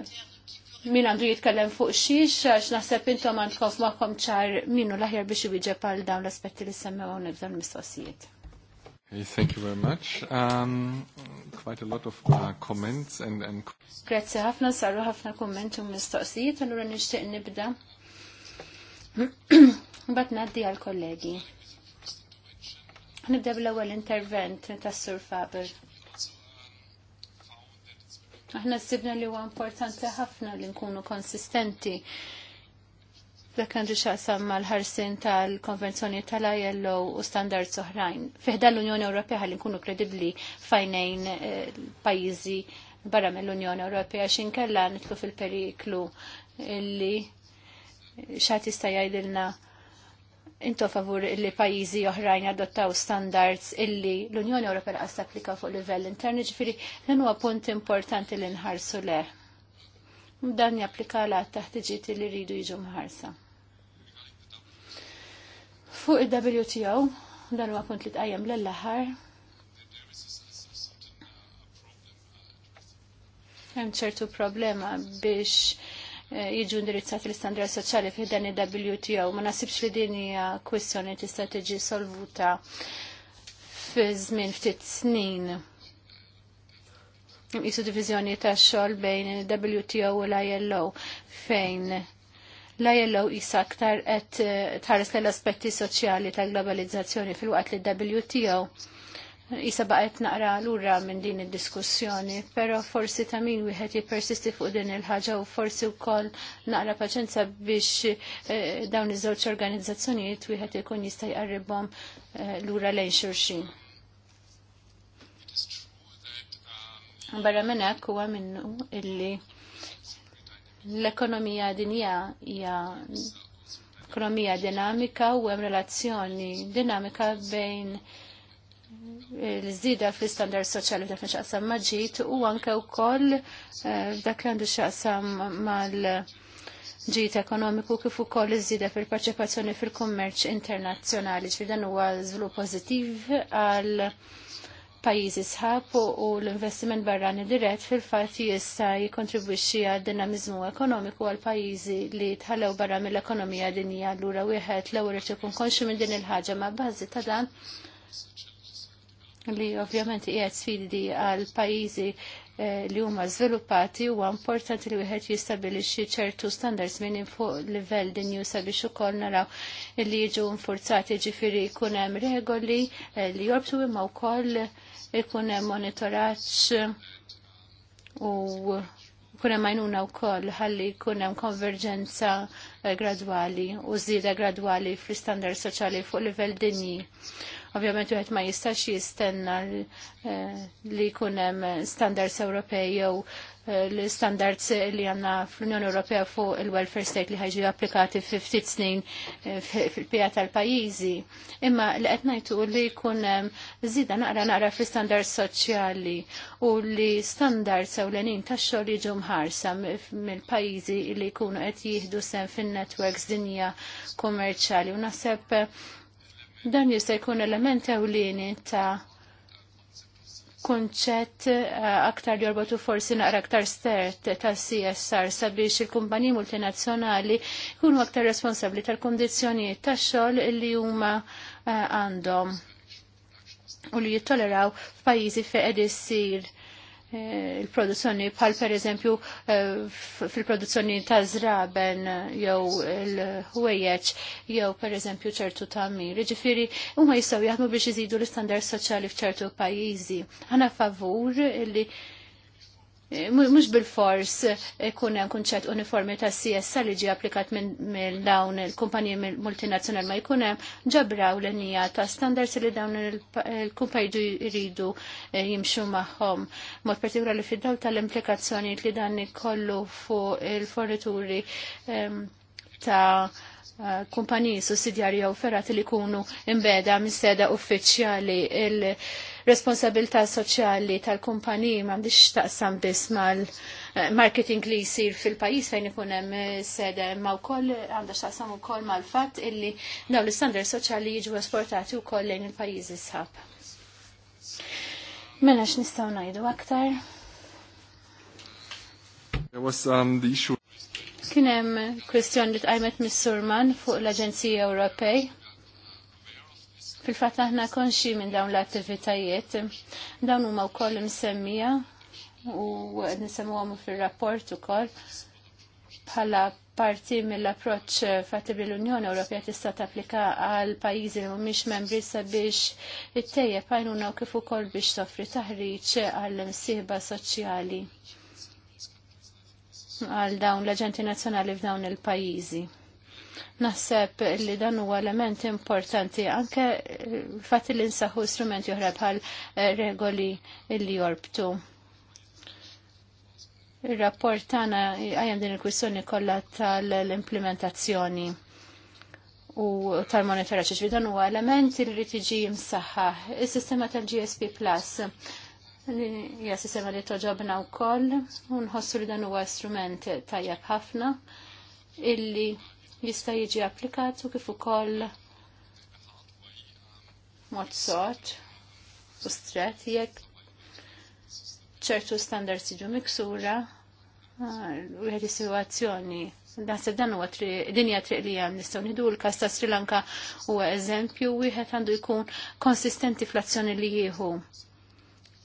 min għandu jitkellem fuq xiex, għax naħseb intom għandkom f'maħkom ċar minu l-aħjar biex iwieġeb għal dawn l-aspetti li semmew dawn mistoqsijiet. Thank you very much. Um, quite a lot of uh, comments and... and Grazie ħafna, saru ħafna kommenti u mistoqsijiet, allura nixtieq nibda. Bat *clears throat* naddi għal kollegi. Nibda bl-ewwel intervent tas-Sur Faber. Aħna sibna li huwa importanti ħafna li nkunu konsistenti dak għandu xaqsam mal-ħarsin tal-konvenzjoni tal-ILO u standards oħrajn. Fihda l-Unjoni Ewropea ħalli nkunu kredibli fajnejn eh, pajjiżi barra mill-Unjoni Ewropea xin kella nitlu fil-periklu illi xati stajajdilna jgħidilna into favur illi pajjiżi oħrajn adottaw standards illi l-Unjoni Ewropea qas applika fuq livell interni ġifieri dan huwa punt importanti li nħarsu leħ. Dan japplika l taħtiġiet li rridu jiġu mħarsa. Fuq il-WTO, dan huwa punt li tqajjem l-aħħar. Hemm ċertu problema biex eh, jiġu indirizzati l-istandard soċjali fi dan il-WTO. Ma nasibx li din hija kwistjoni tista' tiġi solvuta fi żmien ftit snin. Jisu diviżjoni ta' xogħol bejn il-WTO u l-ILO fejn la jellow isa aktar qed eh, tħares l-aspetti soċjali tal-globalizzazzjoni fil-waqt li WTO isa baqet naqra lura minn din id-diskussjoni, pero forsi ta' min wieħed jippersisti fuq din il-ħaġa u forsi wkoll naqra paċenza biex eh, dawn iż-żewġ organizzazzjonijiet wieħed ikun jista' jqarribhom eh, lura lejn xulxin. Barra minn hekk huwa minnu illi l-ekonomija dinja hija ekonomija dinamika u hemm relazzjoni dinamika bejn l-żida fl-istandard soċjali dak xaqsam maġġid u anke wkoll eh, dak li għandu xaqsam mal ġid ekonomiku kif ukoll iż fil-parċipazzjoni fil-kummerċ internazzjonali ġifier dan huwa żvilupp pożittiv għal pajjiżi sħab u l-investiment barrani dirett fil-fatt jista' jikkontribwixxi għad dinamizmu ekonomiku għal pajjiżi li tħallew barra mill-ekonomija l allura wieħed l-ewwel irid ikun minn din il-ħaġa ma' bażi ta' dan li ovvjament jgħed sfidi għal pajjiżi eh, li huma żviluppati huwa importanti li wieħed jistabilixxi ċertu standards minn fuq livell dinju sabiex ukoll naraw li jiġu nfurzati ġifieri jkun hemm regoli eh, li jorbtu imma wkoll ikun hemm monitoraġġ u jkun hemm għajnuna wkoll ħalli jkun hemm konverġenza eh, gradwali u żieda gradwali fl-istandard soċjali fuq livell dinji. Ovvjament wieħed ma jistax jistenna eh, li jkun hemm standards Ewropej jew l-standards li għanna fl-Unjoni Ewropea fuq il-welfare state li ħajġu applikati fi ftit snin eh, fil-pija tal-pajizi. Imma li qed ngħidu li jkun zida eh, naqra naqra fl-standards soċjali u li standards ewlenin tax-xogħol jiġu mħarsa mill-pajjiżi li jkunu qed jieħdu sem fin-networks dinja kummerċjali u naħseb eh, dan jista' jkun elementi ewlieni ta' konċett eh, aktar jorbotu forsi naqra aktar stert ta' CSR sabiex il-kumpaniji multinazzjonali jkunu aktar responsabli tal kondizjoni ta' xogħol li huma eh, għandhom u li jittoleraw f'pajjiżi fejn qed issir Eh, il-produzzjoni bħal per eżempju eh, fil-produzzjoni ta' zraben eh, jew il-ħwejjeġ jew per eżempju ċertu tamir. Ġifiri, huma jistgħu jaħdmu biex iżidu l-istandard soċjali f'ċertu pajjiżi. Ħana favur li mux bil-fors kun hemm kunċett uniformi ta' CSA li ġi applikat minn dawn il kumpanji multinazzjonali ma jkun hemm ġabraw l-nija ta' standards li dawn il-kumpaniji jridu eh, jimxu magħhom. Mod partikolari fid-daw tal-implikazzjoni li dan ikollu fuq il-fornituri ehm, ta' Eh, kumpaniji sussidjarji jew ferrati li jkunu imbeda mis seda uffiċjali il-responsabilità soċjali tal-kumpaniji m'għandix taqsam biss mal-marketing eh, li jsir fil-pajjiż fejn ikun hemm eh, seda imma wkoll għandha x'taqsam ukoll mal-fatt illi dawn l-istandard soċjali jiġu esportati wkoll lejn il pajjiż sħab. Mela x'nistgħu ngħidu aktar? There was um, the issue Kien hemm kwestjoni li tqajmet mis-Surman fuq l-Aġenzija Ewropej. Fil-fatt aħna konxi minn dawn l-attivitajiet. Dawn huma wkoll msemmija u nisemmuhom fir-rapport ukoll bħala parti mill-approċċ fatti bil unjoni Ewropea tista' tapplika għal pajjiżi li mhumiex membri sabiex ittejjeb għajnuna kif ukoll biex toffri taħriġ għall-imsieħba soċjali għal dawn l-Aġenti Nazzjonali f'dawn il-pajjiżi. Naħseb li dan huwa element importanti anke eh, fatt li nsaħħu strumenti oħra bħal eh, regoli li jorbtu. Ir-rapport tagħna għajem din il-kwissjoni kollha tal-implementazzjoni u tal monitoraċi ċvidan dan huwa il li rid il Is-sistema tal-GSP Plus li hija sistema li toġobna wkoll u nħossu li dan huwa strument tajjeb ħafna illi jista' jiġi applikat u kif ukoll mod sort u stret jekk ċertu standards jiġu miksura u ah, jħed situazzjoni Naħseb dan huwa dinja triq li hemm nistgħu nidu l-każ ta' Sri Lanka huwa eżempju wieħed għandu jkun konsistenti fl-azzjoni li jieħu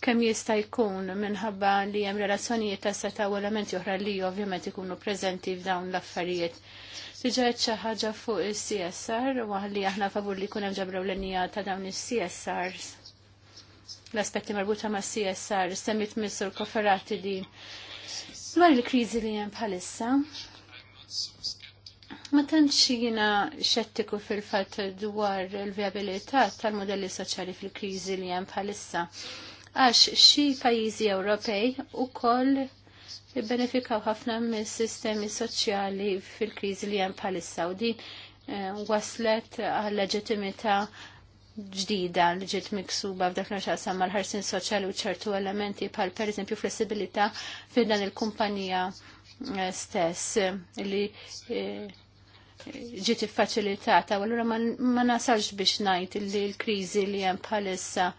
kemm jista' jkun minħabba li hemm relazzjonijiet ta' seta' u elementi oħra li ovvjament ikunu preżenti f'dawn l-affarijiet. Diġa xi ħaġa fuq is-CSR u li aħna favur li jkun hemm ġabra l-enija ta' dawn is-CSRs. L-aspetti marbuta ma' CSR semmit missur koferati di dwar il-kriżi li hemm bħalissa. Ma tantx jiena xettiku fil-fatt dwar il-viabilità tal-modelli soċjali fil-kriżi li hemm bħalissa għax xi pajjiżi Ewropej ukoll benefikaw ħafna mis-sistemi soċjali fil-kriżi li hemm bħalissa u din eh, waslet għal leġitimità ġdida li ġiet miksuba f'dak naċaqsam mal-ħarsin soċjali u ċertu elementi bħal pereżempju flessibilità f'dan il-kumpanija eh, stess li eh, ġiet iffaċilitata u allura ma nasalx biex ngħid li l-kriżi li hemm bħalissa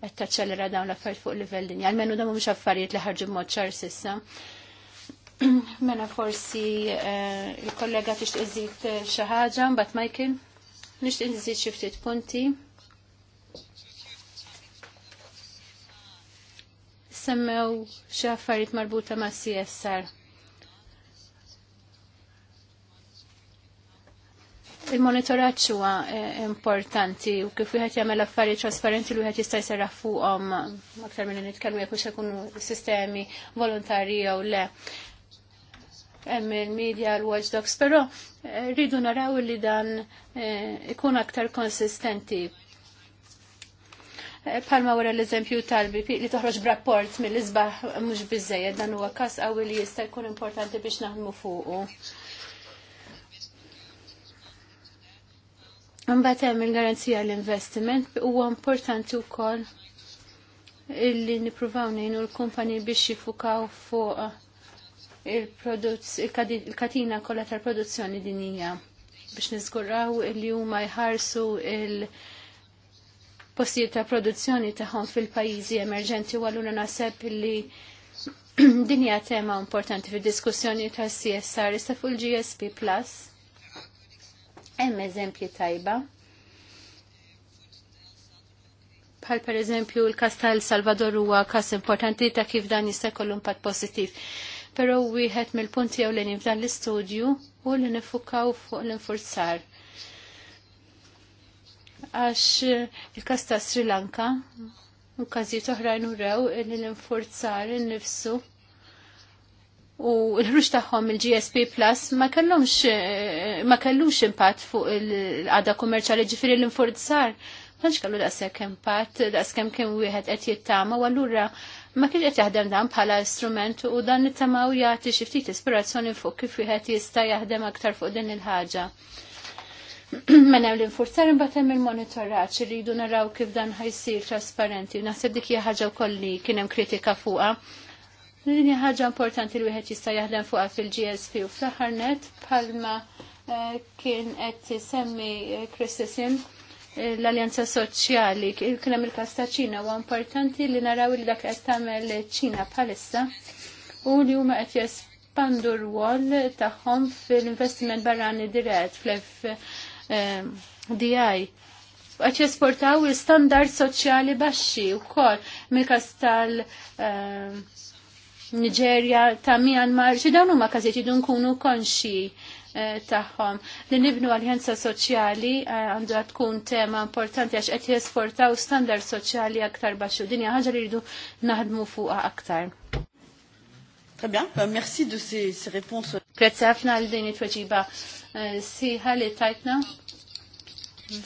qed taċċellera dawn l-affarijiet fuq livell dinja. għal menu da mux affarijiet li ħarġu mod ċar sissa. *clears throat* Mena forsi eh, il-kollega tixtieq iżid eh, xi ħaġa mbagħad Michael nixtieq iżid xi ftit punti. Semmew xi affarijiet marbuta ma' CSR Il-monitoraġġ huwa eh, importanti u kif wieħed jagħmel affarijiet trasparenti li wieħed jista' jserraħ fuqhom aktar minn nitkellmu jekk hux ikunu sistemi volontarji jew le. Hemm il-media l-watchdogs, però eh, rridu naraw li dan eh, ikun aktar konsistenti palma wara l-eżempju tal-BP li toħroġ b'rapport mill-isbaħ mhux biżejjed dan huwa każ qawwi li jista' jkun importanti biex naħdmu fuqu. Mbagħad hemm il-garanzija l-investiment huwa importanti wkoll illi nippruvaw ngħinu l-kumpani biex jifukaw fuq il-katina kollha tal-produzzjoni din hija, biex niżguraw illi huma jħarsu il postijiet ta' produzzjoni tagħhom fil-pajjiżi emerġenti u allura naħseb illi hija *clears throat* tema importanti fid-diskussjoni tas csr issa fuq il-GSP Plus Hemm eżempji tajba. Bħal per eżempju l-kas tal Salvador huwa kas importanti ta' kif dan jista' jkollu impatt pożittiv. Però wieħed mill-punti ewlenin f'dan l-istudju u li nifukaw fuq l-infurzar. Għax il-kas ta' Sri Lanka u każijiet oħrajn urew li l-infurzar innifsu u l-ħruġ tagħhom il-GSP Plus ma kellhomx eh, ma kellux impatt fuq il-qada kummerċjali ġifiri l sar. Maħnx kellu daqshekk impatt, daqskemm kien wieħed qed jittama u allura ma kienx qed jaħdem dan bħala strument u dan nittamaw jagħti xi ftit ispirazzjoni fuq kif wieħed jista' jaħdem aktar fuq din il-ħaġa. *clears throat* Mena l-infurzar imbagħad hemm il-monitoraġġ irridu naraw kif dan ħajsir trasparenti. Naħseb dik hija ħaġa wkoll li kien hemm kritika fuqha L-linja ħaġa importanti li wieħed jista' jaħdem fuqha fil-GSP u fl-aħħar net bħalma eh, kien qed semmi Kristisim eh, eh, l-Aljanza Soċjali, kien hemm il-każ ta' Ċina huwa importanti li naraw li dak qed tagħmel Ċina bħalissa u li huma qed jespandu r-wol tagħhom fil-investiment barrani dirett fl-FDI. Għax jesportaw il-standard soċjali baxxi u kol mill kastal tal- uh, Nigeria, ta' Myanmar, xi dawn huma każijiet idu nkunu konxi eh, tagħhom. Li nibnu għaljenza soċjali eh, għandu tkun tema importanti għax qed jesportaw standard soċjali aktar baxxu. Din hija ħaġa li rridu naħdmu fuqha aktar. Très bien, merci de ces, réponses. Grazie ħafna għal din it-tweġiba eh, siħa li tajtna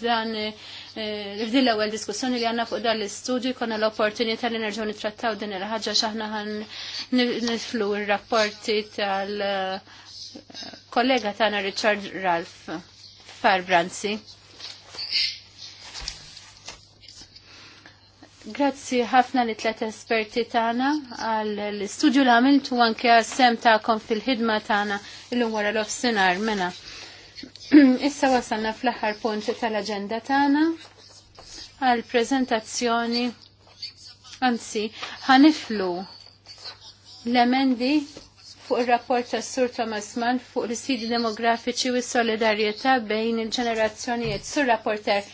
dan Eh, f'din l-ewwel diskussjoni li għandna fuq dan l-istudju konna l-opportunità li nerġgħu nittrattaw din il-ħaġa x'aħna ħan niflu r-rapporti tal eh, kollega tagħna Richard Ralph Farbranzi. Grazzi ħafna li tlet esperti tagħna għal l-istudju li għamiltu anke għas-sem tagħkom fil-ħidma tagħna illum wara l-offsinar mena. *clears throat* Issa wasalna fl-aħħar punt tal-aġenda tagħna għal prezentazzjoni anzi ħaniflu l-emendi fuq ir-rapport tas Sur Thomas Mann fuq l-isfidi demografiċi u s-solidarjetà bejn il-ġenerazzjonijiet. Sur rapporter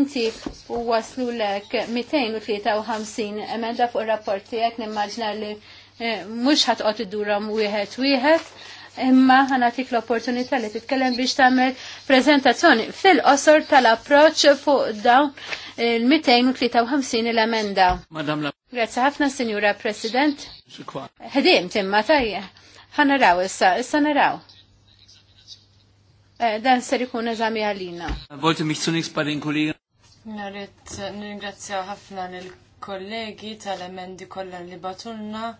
inti u waslu lek 253 emenda fuq ir-rapport tiegħek nimmaġna li eh, mhux ħadd qod iddurhom wieħed wieħed imma ħana tik l-opportunità li titkellem biex tagħmel prezentazzjoni fil-qosor tal-approċċ fuq dawn il-253 l-emenda. Madam la. Grazzi ħafna, Signora President. Hedim, timma tajja. raw issa, issa naraw. Eh, dan ser ikun eżami għalina. Volti mi zunix bei den Narit, ningrazzja ħafna lill-kollegi tal-emendi kollha li batunna.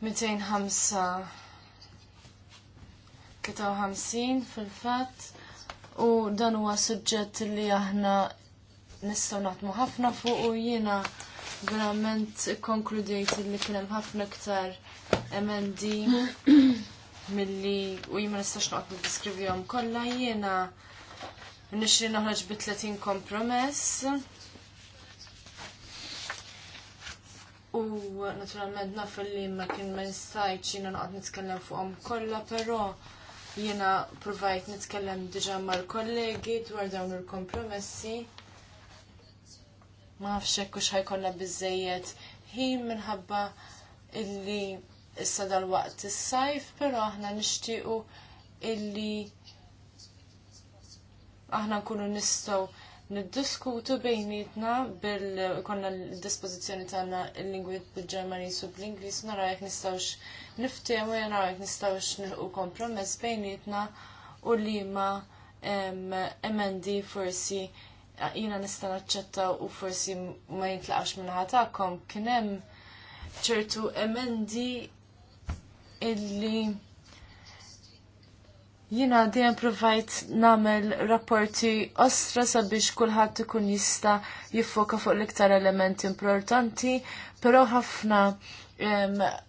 205 53 fil-fatt u dan huwa suġġett li aħna nistgħu naħdmu ħafna fuq u jiena verament konkludejt li kien hemm ħafna iktar MND *coughs* milli u jien ma nistax noqgħod niddiskrivihom kollha jiena nixri noħroġ bi 30 kompromess. U naturalment naf li ma kien ma jistajċ jiena noqgħod nitkellem fuqhom kollha, però Jiena provajt nitkellem diġa mal-kollegi dwar dawn il-kompromessi. Ma nafx hekk hux ħajkollna biżejjed ħin minħabba illi issa dal-waqt is-sajf, però aħna nixtiequ illi aħna nkunu nistgħu niddiskutu bejnietna bil-konna l-dispozizjoni tagħna l-lingwi bil-Ġermanis u bl ingliż nara jekk nistgħux niftehmu jew naraw jekk nistgħux nilqu kompromess bejnietna u li ma emendi forsi jiena nista naċċetta u forsi ma jintlaqax kien hemm ċertu emendi illi Jina dejjem provajt namel rapporti ostra sabiex kulħadd ikun jista' jiffoka fuq l-iktar elementi importanti, però ħafna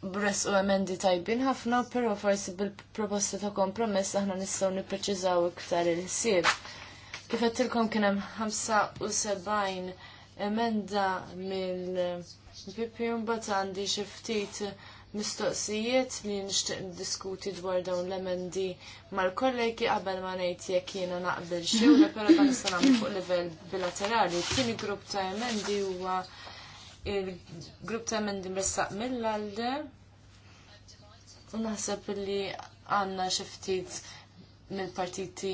Bress u emendi tajbin ħafna, pero forsi bil-proposta ta' kompromess aħna nistgħu nippreċiżaw iktar il-ħsieb. Kif għedtilkom kien hemm 75 emenda mill-PP mbagħad għandi xi ftit mistoqsijiet li nixtieq diskuti dwar dawn l-emendi mal-kollegi qabel ma ngħid jekk jiena naqbel x'ewra, pero però dan nista' nagħmel fuq livell bilaterali. Tini grupp ta' emendi huwa il-grupp ta' emendi mressaq mill-għalde. U naħseb li għandna xi ftit mill-partiti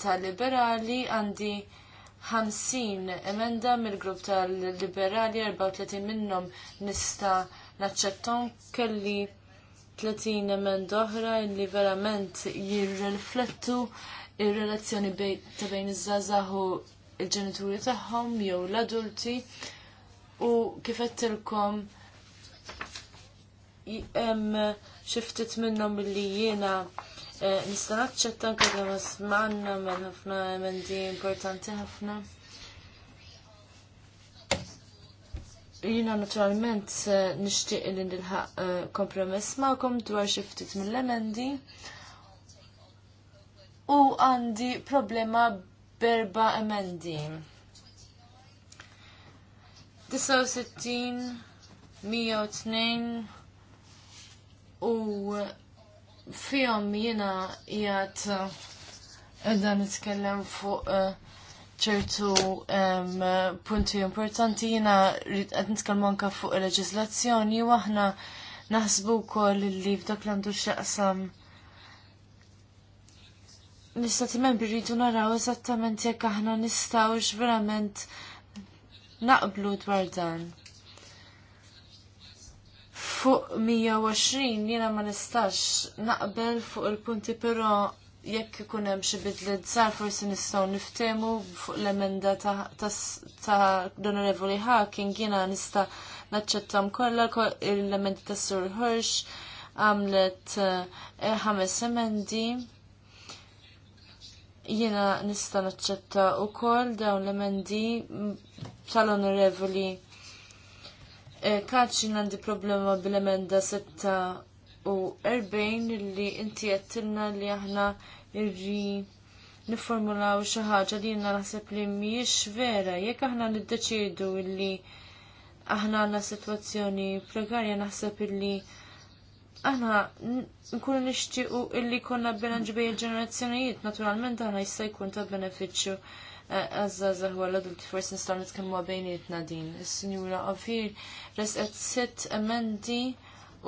tal-liberali għandi 50 emenda mill-grupp tal-liberali 34 minnhom nista' naċċettom kelli 30 emend oħra li verament jirriflettu il relazzjoni ta' bejn iż-żazah u il-ġenituri tagħhom jew l-adulti u kif qedtilkom hemm xi ftit minnhom li jiena eh, nista' naċċetta anke kemm smanna minn ħafna emendi importanti ħafna. Jina naturalment eh, nishtiq li nilħaq eh, kompromess ma'kom dwar xi ftit mill-emendi. U għandi problema berba emendi. 69, 102 u fihom jiena jgħat eh, dan nitkellem fuq uh, ċertu punti importanti jina għed nitkellmu anka fuq il-leġislazzjoni u aħna naħsbu wkoll li f'dak l-għandu x'aqsam l-istati membri rridu naraw eżattament jekk aħna nistgħux verament naqblu dwar dan. Fuq 120 jiena ma nistax naqbel fuq il-punti però jekk ikun hemm xi bidliet żgħar forsi nistgħu niftehmu fuq l-emenda ta' l-Onorevoli Hacking jiena nista' naċċettam kollha l-emendi ta' Sur Hirsch għamlet eh, ħames emendi. Jiena nista' naċċetta wkoll dawn l-emendi tal-Onorevoli eh, Kaċin għandi problema bil-emenda setta. 40 li inti għettilna li aħna irri niformulaw xi ħaġa li jenna naħseb li mhijiex vera jekk aħna niddeċiedu li aħna għandna sitwazzjoni prekarja naħseb illi aħna nkunu nixtiequ illi konna bilanġ bej il-ġenerazzjonijiet naturalment aħna jista' jkun ta' benefiċċju eh, għazza zaħwa l-adult forsi nistaw nitkellmu bejnietna din. Is-Sinjura Ofir resqet sitt emendi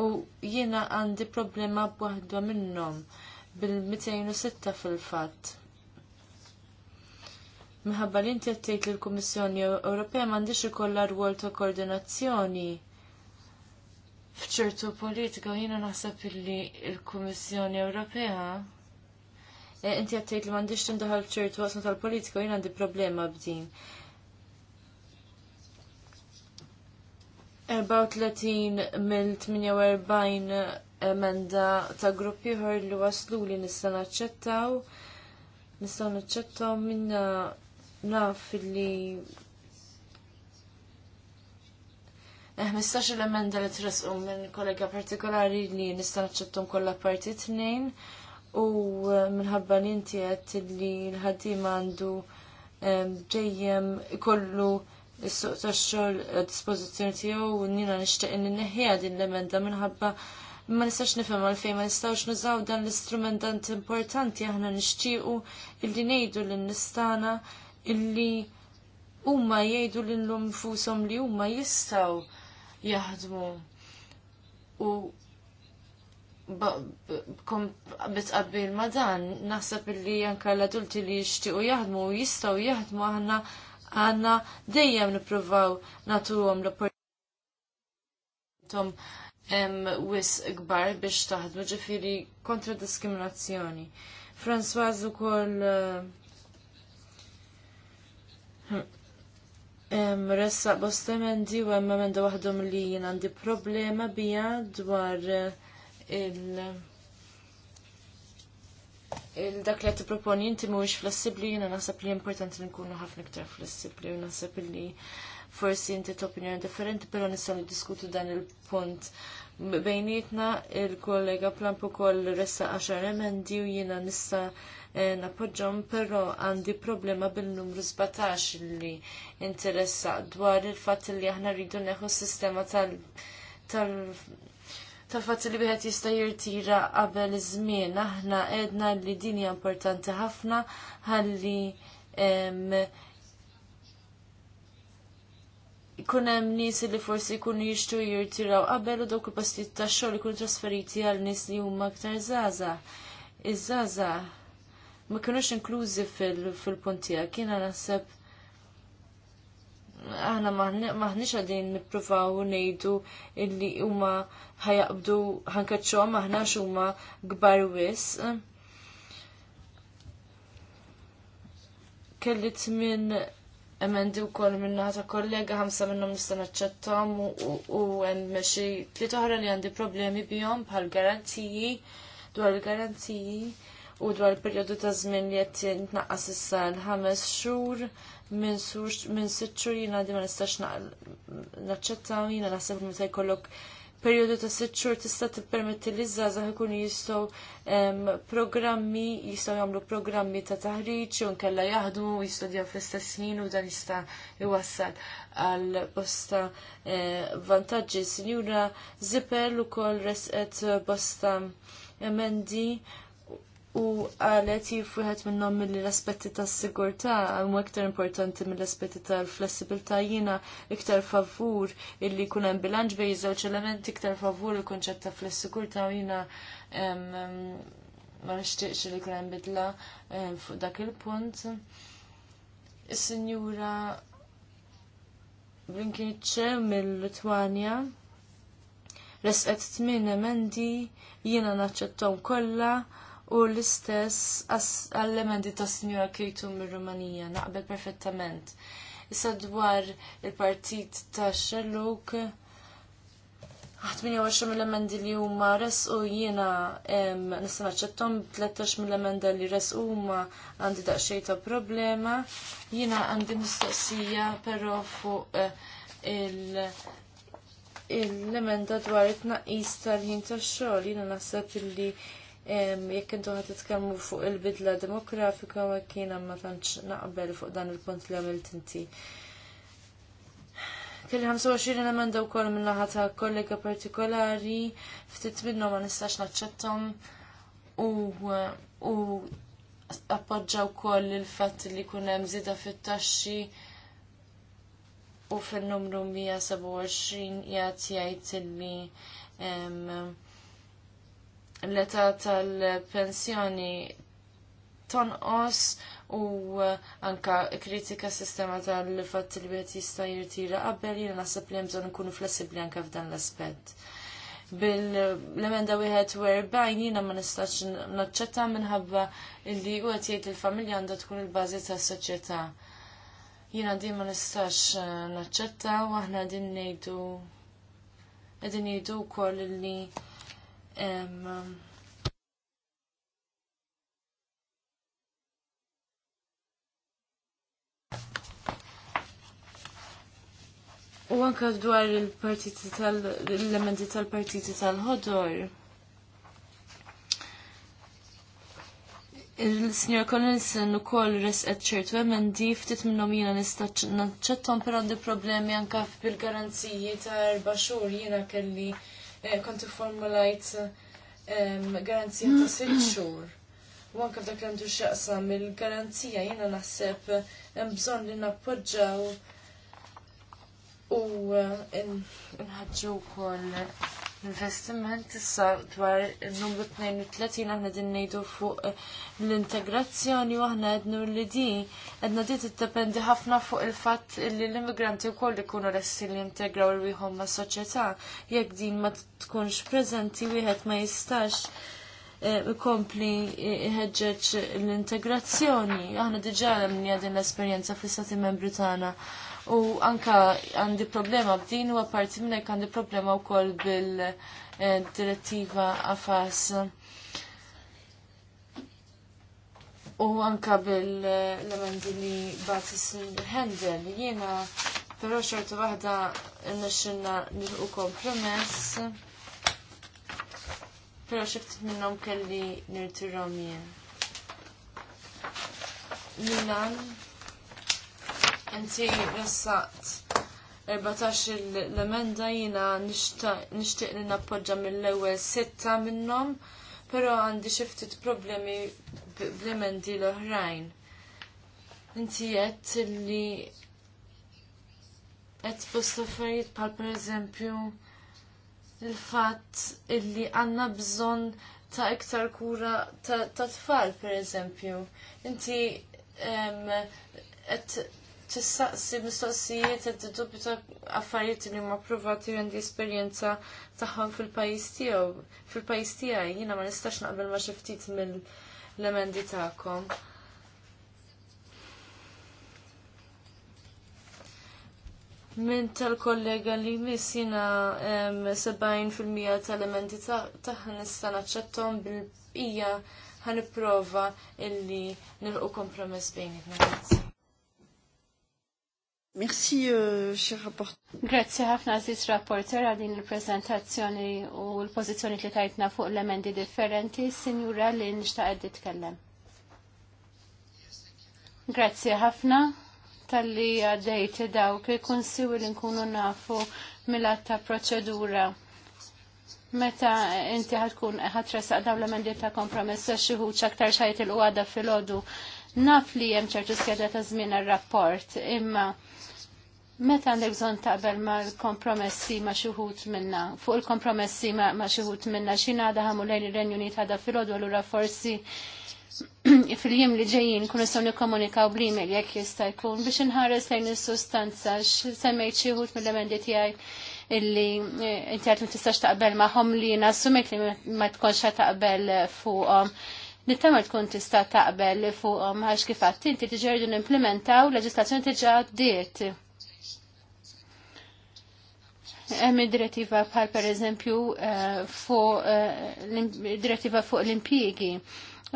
u jiena għandi problema b'waħda minnhom bil-206 fil-fatt. Minħabba li inti għattejt li l-Kummissjoni Ewropea m'għandix ikollha rwol ta' koordinazzjoni f'ċertu politika u jiena naħseb illi l-Kummissjoni Ewropea eh, inti għattejt li m'għandix tindaħal f'ċertu għasna tal-politika u jiena għandi problema b'din. 34 mill-48 emenda ta' gruppi ħor li waslu li nista' naċċettaw. Nistan aċċettaw minna naf li Eh, mistax l-emenda li tresqu minn kollega partikolari li nista' naċċettom kollha parti tnejn u eh, minħabba l inti li l-ħaddim għandu eh, ġejjem ikollu is-suq tax-xogħol dispożizzjoni tiegħu u nina nixtieq inni neħħija din l-emenda minħabba ma nistax nifhem għalfejn ma nistgħux nużaw dan l-istrument tant importanti aħna nixtiequ illi ngħidu lin-nistana illi huma jgħidu lilhom infushom li huma jistgħu jaħdmu u bitqabbil ma dan naħseb illi anke l-adulti li jixtiequ jaħdmu u jistgħu jaħdmu aħna għanna dejjem nippruvaw natuhom l-opportunitom wis gbar biex taħdmu ġifiri kontra diskriminazzjoni. Eh, u koll Ressa bostemendi u għemma menda wahdom li jien għandi problema bija dwar eh, il- dak li għati proponi inti mux flessibli, jina nasab li importanti nkunu ħafna iktar flessibli, u nasab li forsi inti t-opinjoni differenti, pero nissan diskutu dan il-punt bejnietna il-kollega Plampo kol ressa 10 emendi u jina nissa eh, napoġġom, pero għandi problema bil-numru 17 li interessa dwar il-fat li aħna rridu neħu sistema tal- tal ta' fatt li wieħed jista' jirtira qabel iż-żmien. Aħna għedna li din hija importanti ħafna ħalli ikun hemm nies li forsi jkunu jixtru jirtiraw qabel u dawk il-postijiet tax xogħol ikunu trasferiti għal nies li huma aktar żgħażagħ. Iż-żgħażagħ ma kinux inklużi fil-puntija, kiena naħseb aħna maħniċ għadin niprofaw nejdu illi huma ħajabdu ħankaċċom aħna huma gbar wis. Kellit minn emendi u koll minna ta' kollega ħamsa minnom nistana naċċettom u hemm xi tliet oħra li għandi problemi bjom bħal garantiji dwar garantiji u dwar il-perjodu ta' żmien li qed jitnaqqas issa l-ħames xhur minn sitt xur jiena di ma nistax naċċettaw jina naħseb ta' jkollok periodu ta' sitt xhur tista' tippermetti li żgħażagħ ikunu jistgħu programmi jistgħu jagħmlu programmi ta' taħriġ u nkella jaħdmu jistudjaw fl-istess ħin u dan jista' iwassal għal bosta eh, vantaġġi. Sinjura Zippel ukoll resqet bosta emendi u għalet jifwiħet minnom mill l-aspetti ta' sigurta għum iktar importanti mill aspetti ta' flessibilta jina iktar favur illi kuna hemm bilanġ bej żewġ elementi iktar favur il-konċett ta' flessigurta u jina ma nixtieqx li kuna hemm bidla fuq dak il-punt. Is-Sinjura Blinkiċ mill-Litwanja t tmien emendi jiena naċċettom kollha u l-istess għall-emendi ta' Sinjora Kejtu mir-Rumanija, naqbel perfettament. Issa dwar il-partit ta' Xelluk, 28 mill-emendi li huma res u jiena nista' naċċettom 13 mill-emenda li res huma għandi daqsxejn ta' problema. Jiena għandi mistoqsija però fuq eh, il- l-emenda dwar it-tnaqqis tal-ħin tax-xogħol jiena naħseb illi jekk intu ħat titkellmu fuq il-bidla demografika u jekk jiena ma tantx naqbel fuq dan il-punt li għamilt inti. Kelli 25 emenda wkoll minn laħat ta' kollega partikolari, ftit minnhom ma nistax naċċettom u appoġġaw koll il-fatt li kunem hemm żieda fit-taxxi u fil numru 127 jgħajt jgħid illi l-età tal-pensjoni tonqos u uh, anka kritika sistema tal-fatt li wieħed jista' jirtira qabel jiena naħseb li hemm bżonn ikunu flessibbli anke f'dan l-aspett bil-lemenda wieħed u erbajn jiena ma nistax naċċetta minħabba li u qed jgħid il-familja għandha tkun il-bażi tas-soċjetà. Jiena din ma nistax uh, naċċetta u aħna din ngħidu qegħdin jgħidu wkoll illi um, U anka dwar il-partiti tal-elementi tal-partiti tal-ħodor. Il-Signor Collinson u koll resqet ċertu emendi ftit minnom nistaċ naċċettom per għandi problemi anka fil-garanziji tal-baxur jena jina kelli Eh, konti formulajt garanzija ta' sitt *clears throat* xhur. U anka f'dak li għandu xaqsam il-garanzija jiena naħseb hemm bżonn li nappoġġaw u eh, nħaġġu wkoll investiment issa dwar il-numru 32 aħna din ngħidu fuq eh, l-integrazzjoni u aħna għednu li di għedna di tiddependi ħafna fuq il-fatt li l-immigranti wkoll ikunu resti li integraw irwieħhom ma' soċjetà jekk din ma tkunx preżenti wieħed ma jistax eh, ikompli ħeġġeġ l-integrazzjoni. Aħna diġà għamni din l-esperjenza fl-istati membri tagħna u anka għandi problema b'din u għaparti minnek għandi problema u koll bil-direttiva għafas. U anka bil-lamendi li batis handel jiena pero xortu wahda n-naxxinna nilqu kompromess. Pero xiftit minnom kelli nirtirom jien. Milan, Inti ressaqt 14 l-emenda jina nishtiq li nappoġġa mill-ewwel sitta minnhom, però għandi xi ftit problemi bl-emendi l-oħrajn. Inti jett li qed fost pal bħal pereżempju il-fatt illi għandna bżonn ta' iktar kura ta' tfal pereżempju. Inti tissaqsi mistoqsijiet qed ta' affarijiet li huma provati għandi esperjenza tagħhom fil-pajjiż tiegħu. Fil-pajjiż tiegħi jiena ma nistax naqbel ma xi ftit mill-emendi tagħkom. Min tal-kollega li miss fil-mija tal-elementi tagħha nista naċċettom bil-bqija ħaniprofa illi nilqu kompromess bejnietna. Merci, euh, cher xie rapport. Grazie ħafna Aziz rapporter għal din il-prezentazzjoni u l-pozizjoni li tajtna fuq l-emendi differenti, sinjura li nishtaq għeddi tkellem. Grazie ħafna tal-li għaddejti dawk il siwi li nkunu nafu mill-atta proċedura. Meta inti ħatkun ħatresa daw l-emendi ta' kompromessa xieħu ċaktar xajt il-għada fil-ħodu Naf li hemm ċertu skeda ta' żmien għar-rapport, imma meta għandek bżonn taqbel mal-kompromessi ma' xi wħud minna, fuq il-kompromessi ma' xi wħud minna xina għadha għamu lejn ir-Renju Unit għadha filgħodu allura forsi *clears throat* fil-jiem li ġejjin kunu sew nikkomunikaw bl-email jekk jista' jkun biex inħares lejn is-sustanza x'semmejt xi wħud mill-emendi tiegħi illi eh, inti l tistax taqbel magħhom li nassumek li ma tkunx taqbel fuqhom. Um, Nittama tkun tista taqbel li fuqhom għax kif għatt inti tiġerdu nimplementaw leġislazzjoni diġà diet. Hemm id-direttiva bħal pereżempju eh, fuq eh, direttiva fuq l-impjiegi.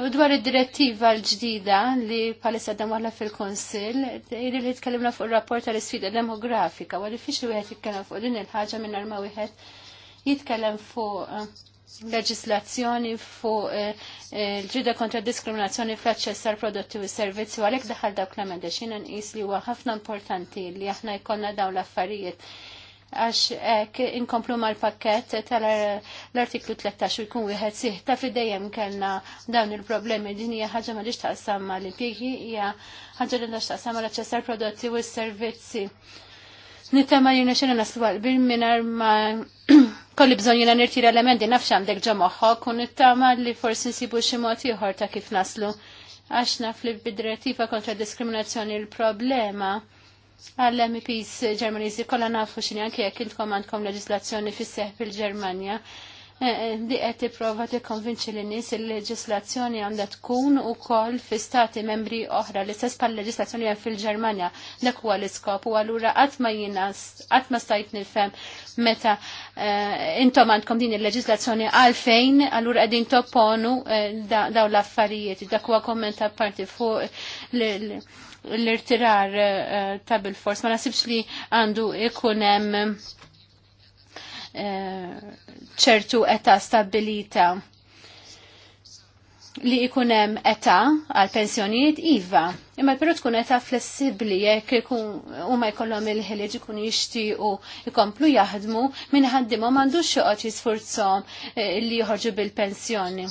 U dwar id-direttiva l-ġdida li palissa dan waħla fil-Konsil, li li tkellimna fuq ir-rapport tal-isfida demografika, u għalli fiex li wieħed jitkellem fuq din il-ħaġa minn arma wieħed jitkellem fuq leġislazzjoni fuq eh, eh, l ġrida kontra diskriminazzjoni fl-aċċess tal prodotti u servizzi u għalhekk daħal dawk l-emendi xinan nqis li huwa ħafna importanti li aħna jkollna dawn l-affarijiet għax hekk inkomplu mal-pakket tal-artiklu 13 u jkun wieħed siħ ta' fidejjem kellna dawn il-problemi din hija ħaġa ma taqsam mal-impjiegi hija ħaġa li taqsam mal-aċċess tal prodotti u servizzi. Nittama jina xena naslu għal minar ma kolli bżon nirti nirtira elementi nafx għandek ġa moħħok it-tama li forsi nsibu xi mod ieħor ta' kif naslu. Għax naf li bid-direttiva kontra diskriminazzjoni l-problema għall-MEPs Ġermaniżi kollha nafu x'inhi anke jekk intkom għandkom leġislazzjoni fis-seħ fil-Ġermanja Eh, eh, li qed tipprova tikkonvinċi lin nies il-leġislazzjoni għandha tkun ukoll fi stati membri oħra li stess bħal leġislazzjoni hemm fil-Ġermanja. Dak huwa l-iskop u allura qatt ma jiena qatt ma stajt nifhem meta eh, intom għandkom din il-leġislazzjoni għalfejn allura qegħdin topponu dawn l-affarijiet. Dak huwa komment apparti fuq l-irtirar ta' bil-fors. Ma nasibx li għandu ikun hemm ċertu età stabilita li ikunem età għal pensjonijiet iva, imma peru tkun età flessibli jekk ikun huma jkollhom il-ħiliġ ikun jixtiequ ikomplu jaħdmu minn u m'għandux joqgħod jisfurzhom eh, li jħorġu bil-pensjoni.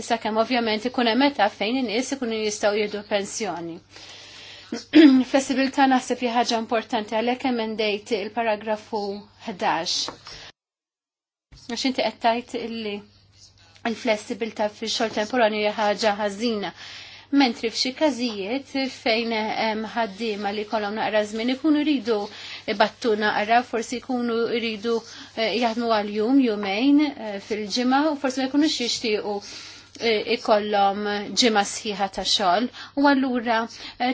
Issa kemm ovvjament ikun hemm età fejn in-nies ikunu jistgħu jiedu pensjoni. *clears throat* Flessibilità naħseb li ħaġa importanti għalhekk emendejt il-paragrafu 11. Għax inti qed illi il flessibilta fix-xogħol temporanju ħaġa ħażina mentri f'xi każijiet fejn hemm ħaddiema li kolom naqra żmien ikunu jridu battu naqra, forsi jkunu rridu eh, jaħdmu għal jum, jumejn eh, fil-ġimgħa u forsi ma jkunux jixtiequ E, ikollhom ġimgħa sħiħa ta' xogħol u allura e,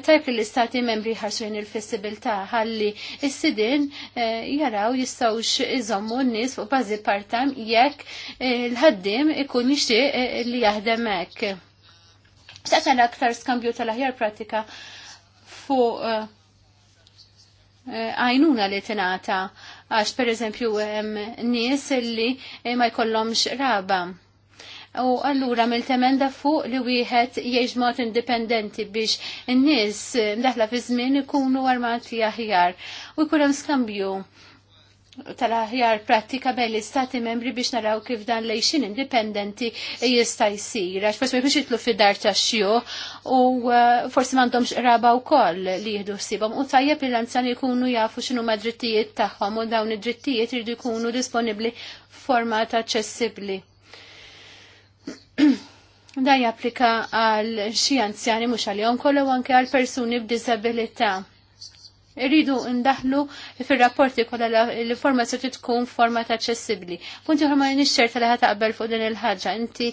tajk li l-istati membri ħarsuin il-flessibilità ħalli s-sidin e, jaraw jistgħux iżommu n-nies fuq bażi part-time jekk l-ħaddim ikun jixtieq li jaħdem hekk. aktar skambju tal-aħjar pratika fuq għajnuna li tingħata għax pereżempju hemm nies li ma jkollhomx raba u allura mill-temenda fuq li wieħed jgħix mod indipendenti biex in-nies mdaħla fi żmien ikunu armati aħjar u jkun hemm skambju tal-aħjar pratika bejn l-istati membri biex naraw kif dan lejxin indipendenti jista' jsir. Għax forsi ma jkunx jitlu fid-dar ta' xju u uh, forsi m'għandhomx raba wkoll li jieħdu ħsibhom u tajjeb il-anzjani jkunu jafu x'inhu ma drittijiet tagħhom u dawn id-drittijiet jridu jkunu disponibbli f'format aċċessibbli. *clears throat* da japplika għal xi anzjani mhux għalihom kollu anke għal persuni b'diżabilità. Irridu ndaħlu fil-rapporti kolla l-informazzjoni tkun forma ta' ċessibli. Punti ħorma nixxerta li ħataqbel fuq din il-ħaġa. Inti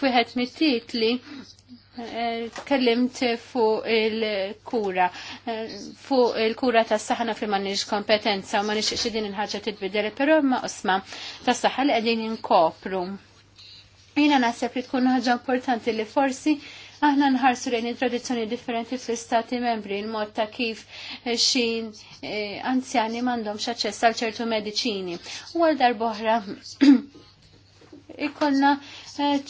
fwieħed mit-titli eh, tkellimt fuq il-kura, eh, fuq il-kura ta' saħna fi manniġ kompetenza u ma nixxiex din il-ħaġa titbidel, però ma' osma ta' saħħa li qegħdin inkopru. Jina naħseb li tkun ħaġa importanti li forsi aħna nħarsu lejn il-tradizzjoni differenti fl-istati membri, il-mod ta' kif eh, xi eh, anzjani mandom xaċċess għal ċertu mediċini. U għal darboħra *clears throat* ikollna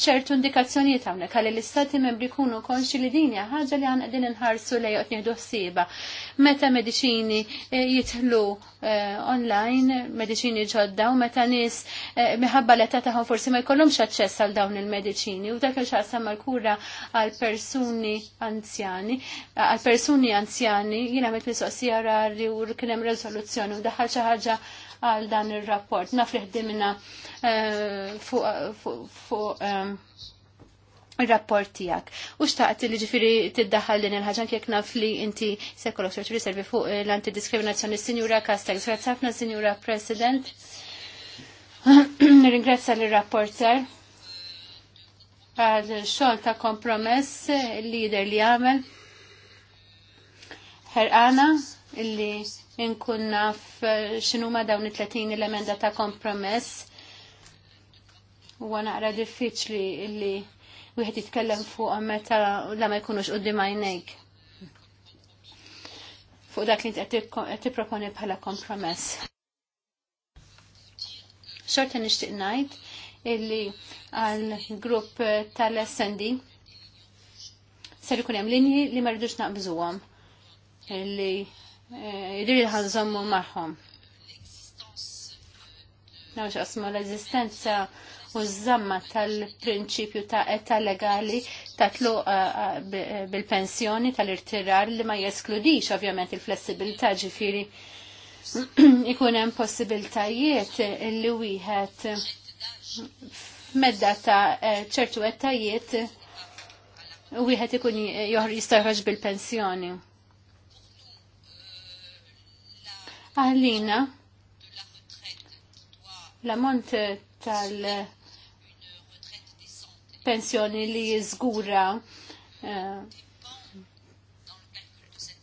ċertu indikazzjonijiet hawnhekk kalli l-istati membri jkunu konxi li din hija ħaġa li għandna qegħdin inħarsu lejn qed nieħdu ħsieba. Meta mediċini eh, jitħlu eh, online, mediċini ġodda u meta nies eh, minħabba l età forsi ma jkollhomx aċċess għal dawn il-mediċini u dak li xaqsam kura għal persuni anzjani, għal persuni anzjani jiena għamilt mistoqsija rari u kien hemm riżoluzzjoni u daħal xi ħaġa għal dan il-rapport. Naf li ħdimna eh, fuq eh, il-rapport tijak. U xtaqt li ġifiri tiddaħal din il-ħagġan kjek naf li inti sekolo xorċu riservi fuq eh, l-antidiskriminazzjoni. Signora Kastek, s Signora President. *clears throat* Ringrazza l-rapporter għal xol ta' kompromess lider li għamel. Herqana illi inkun naf eh, x'inhuma dawn it-30 l-emenda ta' kompromess. Huwa naqra diffiċli li wieħed jitkellem fuq meta la ma jkunux qudiem għajnejk. Fuq dak li qed tipproponi bħala kompromess. Xorta nixtieq ngħid illi għal grupp tal-SND ser ikun hemm linji li ma rridux naqbżuhom li Eh, ħan zommu maħħom. Nawx għasmu l-eżistenza u z-zamma tal-prinċipju ta' etta legali ta' tluq eh, eh, bil-pensjoni tal-irtirar li ma jeskludix ovvjament il-flessibilità ġifiri *clears throat* ikun hemm possibiltajiet li wieħed medda ta' ċertu ettajiet wieħed ikun jista' joħroġ bil-pensjoni. għallina l-ammont tal-pensjoni li jizgura eh,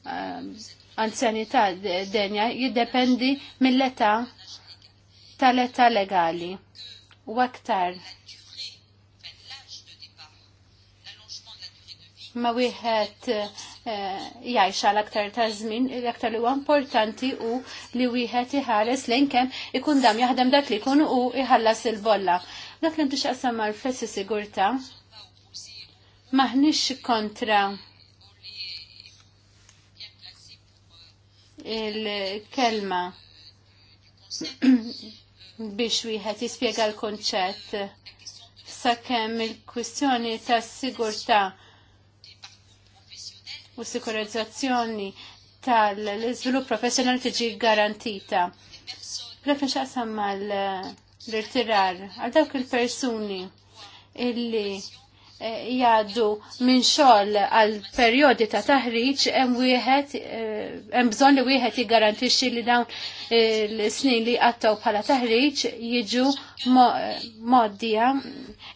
eh, anzjanità denja jiddependi mill-età tal-età legali u aktar ma wieħed Eh, jajxa l-aktar ta' żmien, l-aktar li huwa importanti u li wieħed iħares lejn kemm ikun dam jaħdem dak li jkun u iħallas il-bolla. Dak li ntix qasam mal-fessi sigurta maħniex kontra il-kelma *clears throat* biex wieħed jispjega l-konċett sakemm il-kwistjoni tas-sigurtà u sikurizzazzjoni tal-izvilupp professjonali tiġi garantita. Dak nixaqsam mal-irtirar għal dawk il-persuni illi eh, jgħaddu minn xogħol għal perjodi ta' taħriġ hemm wieħed eh, hemm bżonn li wieħed jiggarantixxi li dawn eh, l-snin li għattaw bħala taħriġ jiġu moddija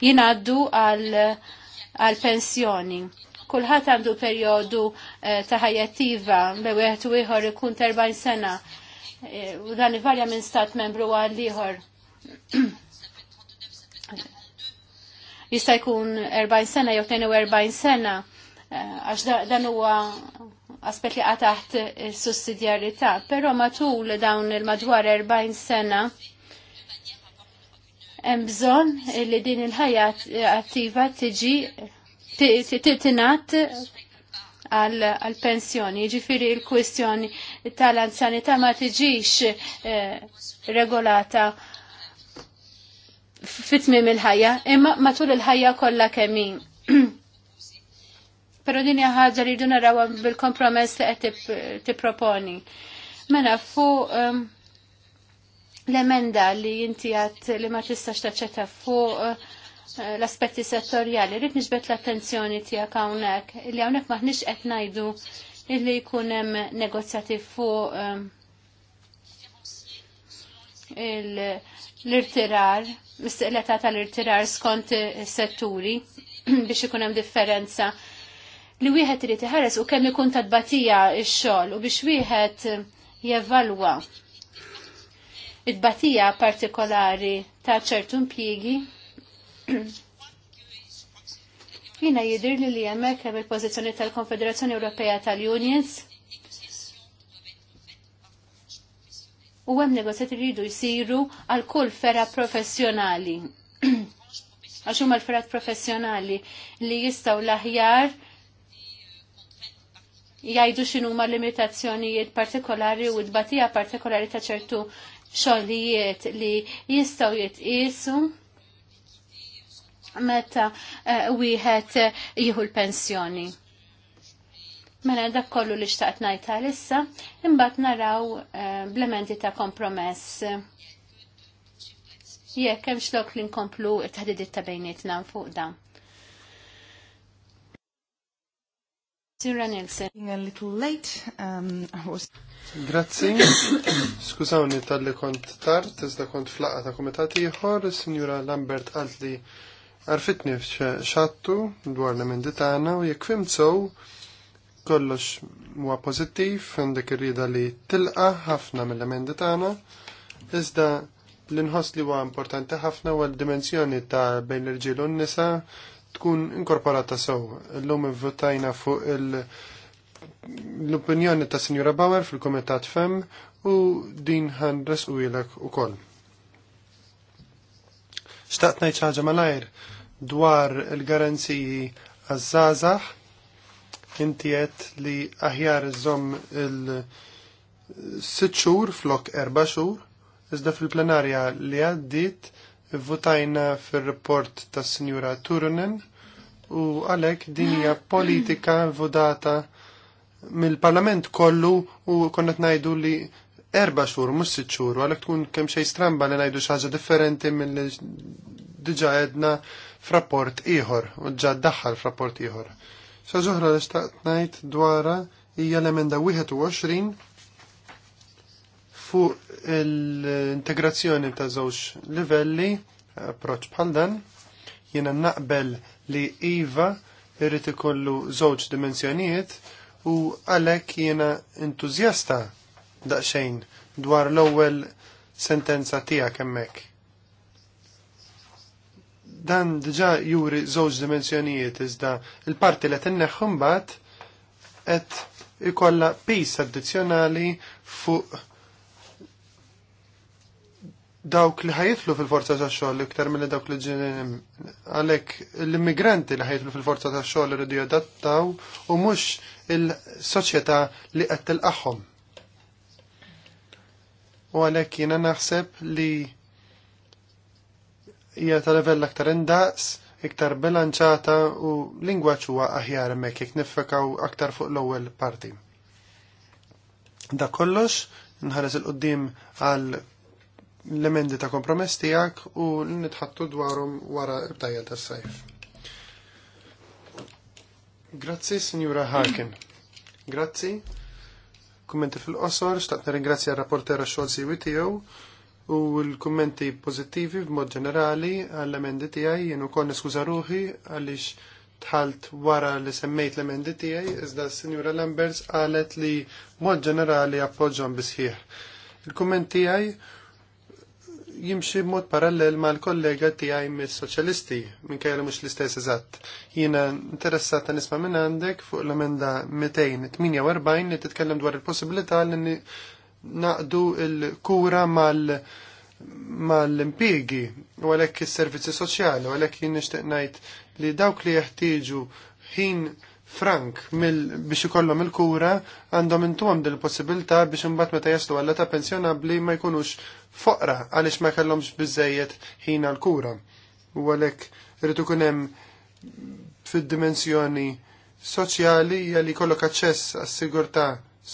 jingħaddu għal pensjoni. Kulħadd għandu perjodu eh, ta' ħajjattiva be wieħed u ieħor ikun 40 sena eh, u dan ivarja minn stat membru għal ieħor. *clears throat* Jista' jkun 40 sena jew 42 sena eh, għax dan huwa aspett li għataħt sussidjarità, pero matul dawn il-madwar 40 sena hemm bżonn li din il-ħajja attiva tiġi titinat għal-pensjoni. Ġifiri il kwestjoni tal-anzjanità ma tiġix eh, regolata fitmim il-ħajja, imma matul il-ħajja kollha kemmin. *clears throat* Pero din ħaġa li duna naraw bil-kompromess li qed tipproponi. Mela fu ehm, l-emenda li inti għat li ma tistax taċċetta fuq eh, l-aspetti settorjali. rrit nixbet l-attenzjoni tiegħek hawnhekk li hawnhekk maħniex qed ngħidu illi jkun hemm negozjati fuq um, l-irtirar, mistiqleta tal-irtirar skont setturi *clears throat* biex ikun hemm differenza li wieħed irid iħares u kemm ikun tadbatija x-xogħol u biex wieħed jevalwa it tbatija partikolari ta' ċertu impjiegi *clears throat* Jina jidir li li jemmek hemm il-pozizjoni tal-Konfederazzjoni Ewropea tal-Unions u hemm negozjati jridu jsiru għal kull fera professjonali. *clears throat* Għax huma l-ferat professjonali li jistgħu laħjar aħjar jgħidu x'inhuma limitazzjonijiet partikolari u d-batija partikolari ta' ċertu xogħlijiet li jistgħu jitqisu meta eh, wieħed eh, jieħu l-pensjoni. Mela dak kollu li xtaqt ngħidha għalissa, imbagħad naraw eh, blementi ta' kompromess. Jekk hemm xlok li nkomplu t-ħdidiet ta' bejnietna fuq dan. Sira Nielsen. A little late. Um, Grazzi. *coughs* Skużawni tal-li kont tard, iżda kont flaqa ta' komitati ieħor, Signora Lambert għalt Arfitni xattu dwar l-emendi tagħna u jekk fimtsow kollox huwa pożittiv għandek irrida li tilqa ħafna mill-emendi tagħna iżda l-inħoss li huwa importanti ħafna huwa l-dimensjoni ta' bejn l-irġiel u n-nisa tkun inkorporata sew. Illum ivvutajna fuq l-opinjoni ta' Sinjura Bauer fil-Kumitat Fem u din ħandres u ilek ukoll. Xtaqt ngħid ħaġa malajr dwar il-garanziji għaż-żgħażagħ inti li aħjar iżomm il sitxur flok erba' xhur, iżda fil-plenarja li għaddiet votajna fir-rapport tas-Sinjura Turunen u għalhekk din hija politika votata mill-Parlament kollu u konnet ngħidu li erba' xhur mhux sitt xhur għalhekk tkun kemm xejn stramba li najdu xaġa ħaġa differenti milli diġà edna f'rapport ieħor u ġa daħħal f'rapport ieħor. Sa ġoħra li xtaqt ngħid dwara hija l-emenda 21 fuq l-integrazzjoni ta' żewġ livelli, approċ bħal dan, jiena naqbel li iva irrid ikollu żewġ dimensjonijiet u għalhekk jiena entużjasta daqsxejn dwar l-ewwel sentenza tiegħek hemmhekk. Dan diġà juri żewġ dimensjonijiet iżda il-parti li qed inneħħu mbagħad qed ikollha pis addizzjonali fuq dawk li ħajitlu fil-forza ta' xogħol iktar mill dawk li ġenim għalhekk l-immigranti li ħajitlu fil-forza ta' xogħol iridu jadattaw u mhux il-soċjetà li qed tilqaħħom u għalhekk jiena naħseb li hija ta' level aktar indaqs, iktar bilanċata u lingwaġġ huwa aħjar hemmhekk jekk niffekaw aktar fuq l-ewwel parti. Da kollox, nħares il-qoddim għal l-emendi ta' kompromess tiegħek u nitħattu dwarhom wara btajja tas-sajf. Grazzi, Signora Haken. Grazzi Kummenti fil-qosor, xtaqt nirringrazzja r-rapportera xogħol siwi tiegħu u l-kummenti pożittivi b'mod ġenerali għall-emendi tiegħi jien ukoll neskuza ruħi għaliex tħalt wara li semmejt l-emendi tiegħi iżda s-Sinjura Lambers qalet li mod ġenerali appoġġhom bisħiħ. Il-kumment tiegħi jimxi mod parallel ma' l-kollega tiegħi mis-soċjalisti minkejja li mhux l-istess eżatt. Jiena interessata nisma' minn għandek fuq l-emenda 248 li titkellem dwar il-possibilità li naqdu l-kura mal mal-impigi u għalhekk is-servizzi soċjali u għalhekk jien nixtieq ngħid li dawk li jeħtieġu ħin Frank, biex ikollhom il-kura, għandhom intuhom dil possibilità biex imbagħad meta jaslu għalla ta' pensjonabbli ma jkunux foqra għaliex ma jkellhomx biżejjed ħina l kura. U għalhekk irid ikun hemm fid-dimensjoni soċjali hija li jkollok aċċess għas-sigurtà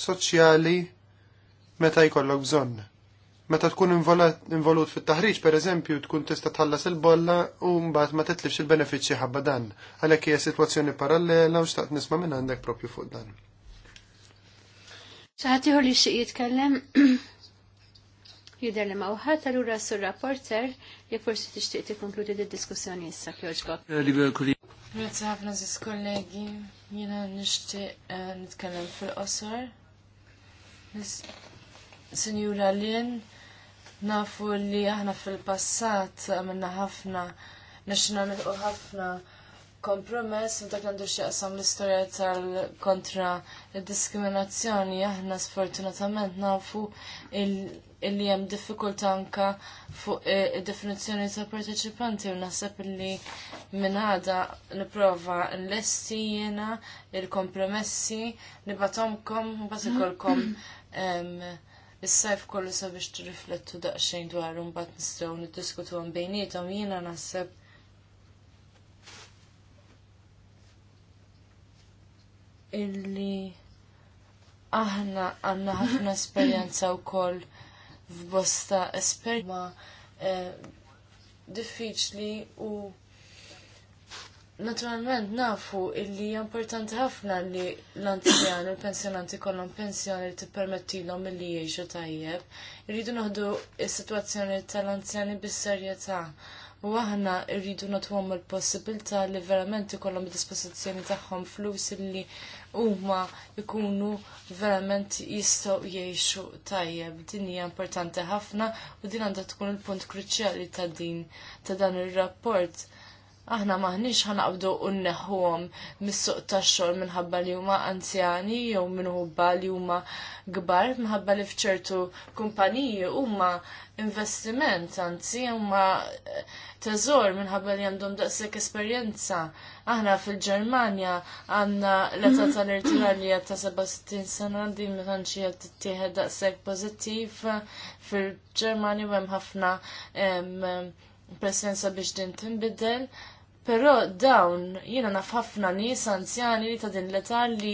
soċjali meta jkollok bżonn. Meta tkun involut fit-taħriġ pereżempju tkun tista' tħallas il-bolla u mbagħad ma titlifx il-benefiċċji ħabba dan. Għalhekk hija sitwazzjoni parallela u xtaqt nisma' minn għandek propju fuq dan. Saħat li xieq jitkellem *clears throat* Jider li mawħat għallura sur rapporter li forsi tixtieq tikkonkludi d-diskussjoni issa kjoġbok. Eh, Grazie ħafna ziz kollegi, jina nixtieq eh, nitkellem fil-qosor. Sinjura Lin, nafu li aħna fil-passat għamilna ħafna, nixna nilqu ħafna kompromess u dak għandu xieqsam l-istoria tal-kontra diskriminazzjoni aħna sfortunatament nafu illi hemm diffikulta anka fuq eh, id-definizzjoni ta' parteċipanti u naħseb illi minn niprofa nipprova nlesti jiena il-kompromessi nibatomkom u bat Is-sajf kollu sabiex tirriflettu daqsxejn dwar mbagħad nistgħu diskutu għan bejnietom jiena naħseb illi aħna għanna ħafna esperjenza wkoll f'bosta espert ma eh, diffiċli u Naturalment nafu illi importanti ħafna li l-anzjan u l-pensjonanti kollhom pensjoni li tippermettilhom illi jgħixu tajjeb. Irridu noħdu s-sitwazzjoni tal-anzjani bis-serjetà u aħna rridu nagħtuhom il-possibilità li verament ikollhom id-dispożizzjoni tagħhom flus illi huma jkunu verament jistgħu jgħixu tajjeb. Din hija importanti ħafna u din għandha tkun il-punt kruċjali ta' din ta' dan ir-rapport aħna maħniex ħanaqbdu unneħħuhom mis-suq tax-xogħol minħabba li huma anzjani jew minħabba li huma kbar minħabba li f'ċertu kumpaniji huma investiment anzi huma eh, teżor minħabba li għandhom daqshekk esperjenza. Aħna fil-Ġermanja għandna l-età mhm. tal-irtirar li ta' 67 sena di meta nxi qed tittieħed daqshekk pozittiv fil-Ġermanja hemm ħafna presenza biex din tinbidel Però dawn jiena naf ħafna nies anzjani li ta' din l-età li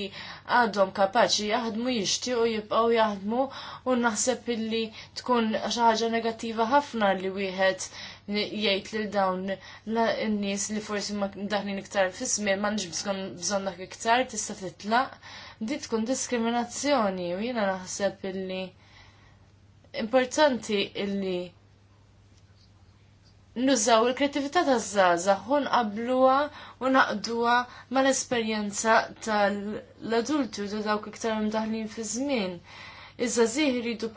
għadhom kapaċi jaħdmu jixtiequ jibqgħu jaħdmu u naħseb illi tkun xi ħaġa negattiva ħafna li wieħed jgħid lil dawn n-nies li forsi ma daħlin iktar fis ma m'għandix bżonn dak iktar tista' titlaq. Di tkun diskriminazzjoni u jiena naħseb illi importanti illi nużaw il-kreativita ta' zazah u nqabluha u naqduha mal-esperjenza tal-adulti u dawk iktar mdaħlin fi żmien. Iżda żazih rridu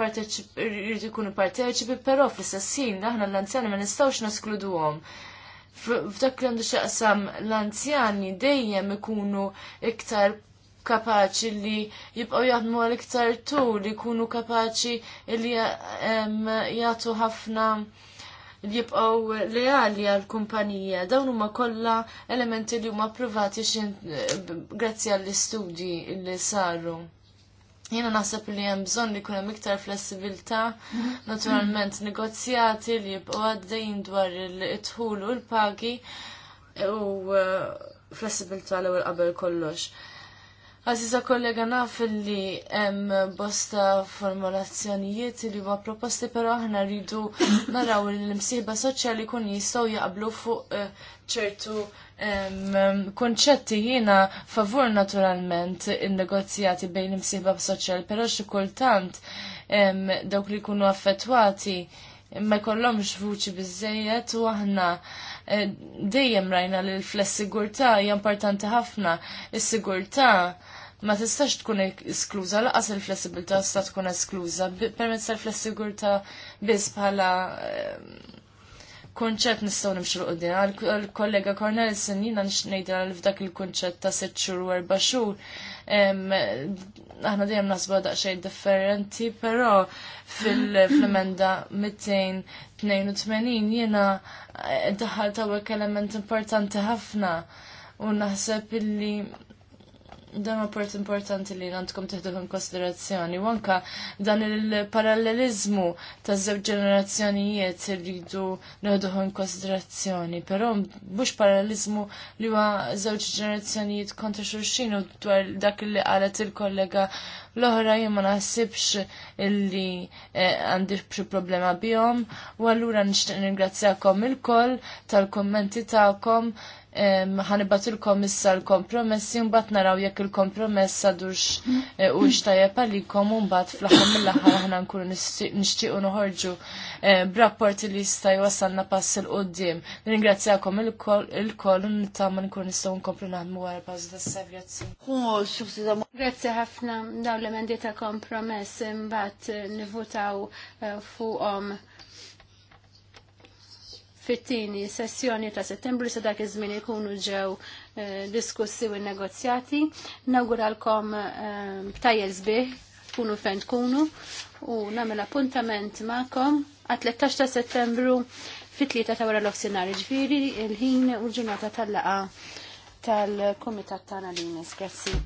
rridu jkunu parteċipi, però fl sassin daħna aħna l-anzjani ma nistgħux naskluduhom. F'dak li għandu xaqsam l-anzjani dejjem ikunu iktar kapaċi li jibqgħu jaħdmu għal iktar tul, kunu kapaċi li jagħtu ħafna li jibqgħu leali għall kumpanija dawn huma kollha elementi li huma approvati grazzi għall-istudji li saru. Jiena naħseb li hemm bżonn li kuna hemm iktar flessibilità, *laughs* naturalment negozjati li jibqgħu għaddejjin dwar il-tħul u l-pagi u eh, flessibilità l-ewwel qabel kollox. Għaziza kollega naf li hemm bosta formulazzjonijiet li huwa proposti però aħna rridu *coughs* naraw li l-imsieħba soċjali kun jistgħu jaqblu fuq eh, ċertu konċetti jiena favur naturalment in-negozjati bejn l-imsieħba soċjali, però xi kultant dawk li jkunu affettwati ma jkollhomx vuċi biżejjed u aħna eh, dejjem rajna li l-fless hija importanti ħafna. Is-sigurtà ma tistax tkun eskluża, laqas il-flessibilità tista' tkun eskluża permezz tal-flessigurtà biss bħala ehm, kunċett nistgħu nimxu l-qudiem. Għal-kollega Cornelison jiena ngħidha li f'dak il-kunċett ta' sitt xhur u erba' xhur ehm, aħna dejjem nasbu daqsxejn differenti, però fil-emenda 282 jiena eh, daħal tawek element importanti ħafna u naħseb illi dan rapport importanti li għandkom teħdu in konsiderazzjoni. Wanka dan il-parallelizmu ta' żewġ ġenerazzjonijiet rridu neħduħ in konsiderazzjoni. Però mhux parallelizmu li huwa żewġ ġenerazzjonijiet kontra xulxin u dwar dak li qalet il-kollega l-oħra jien ma naħsibx illi eh, għandi xi problema bihom u allura nixtieq ningrazzjakom il-koll tal-kummenti tagħkom ħanibatilkom issa l-kompromessi mbagħad naraw jekk il-kompromess għadux eh, u xtajjeb palikom u mbagħad fl-aħħar mill-aħħar aħna nkunu nixtiequ noħorġu eh, b'rapport li jista' wasalna pass il qudiem Ningrazzjakom il-koll u nittama nkun nistgħu nkomplu naħdmu wara bażi tas-segrazzi. Grazzi ħafna dawn l-emendi ta' kompromess imbagħad nivutaw eh, fuqhom fit-tieni sessjoni ta' settembru se dak iż-żmien ikunu ġew eh, diskussi u negozjati. Nawguralkom eh, btajjel sbieħ tkunu fejn tkunu u nagħmel appuntament magħkom għat 13 ta' settembru fit-tlieta ta' wara l-offsinari ġifieri il-ħin u l-ġurnata tal-laqa tal-Kumitat tagħna li Grazzi.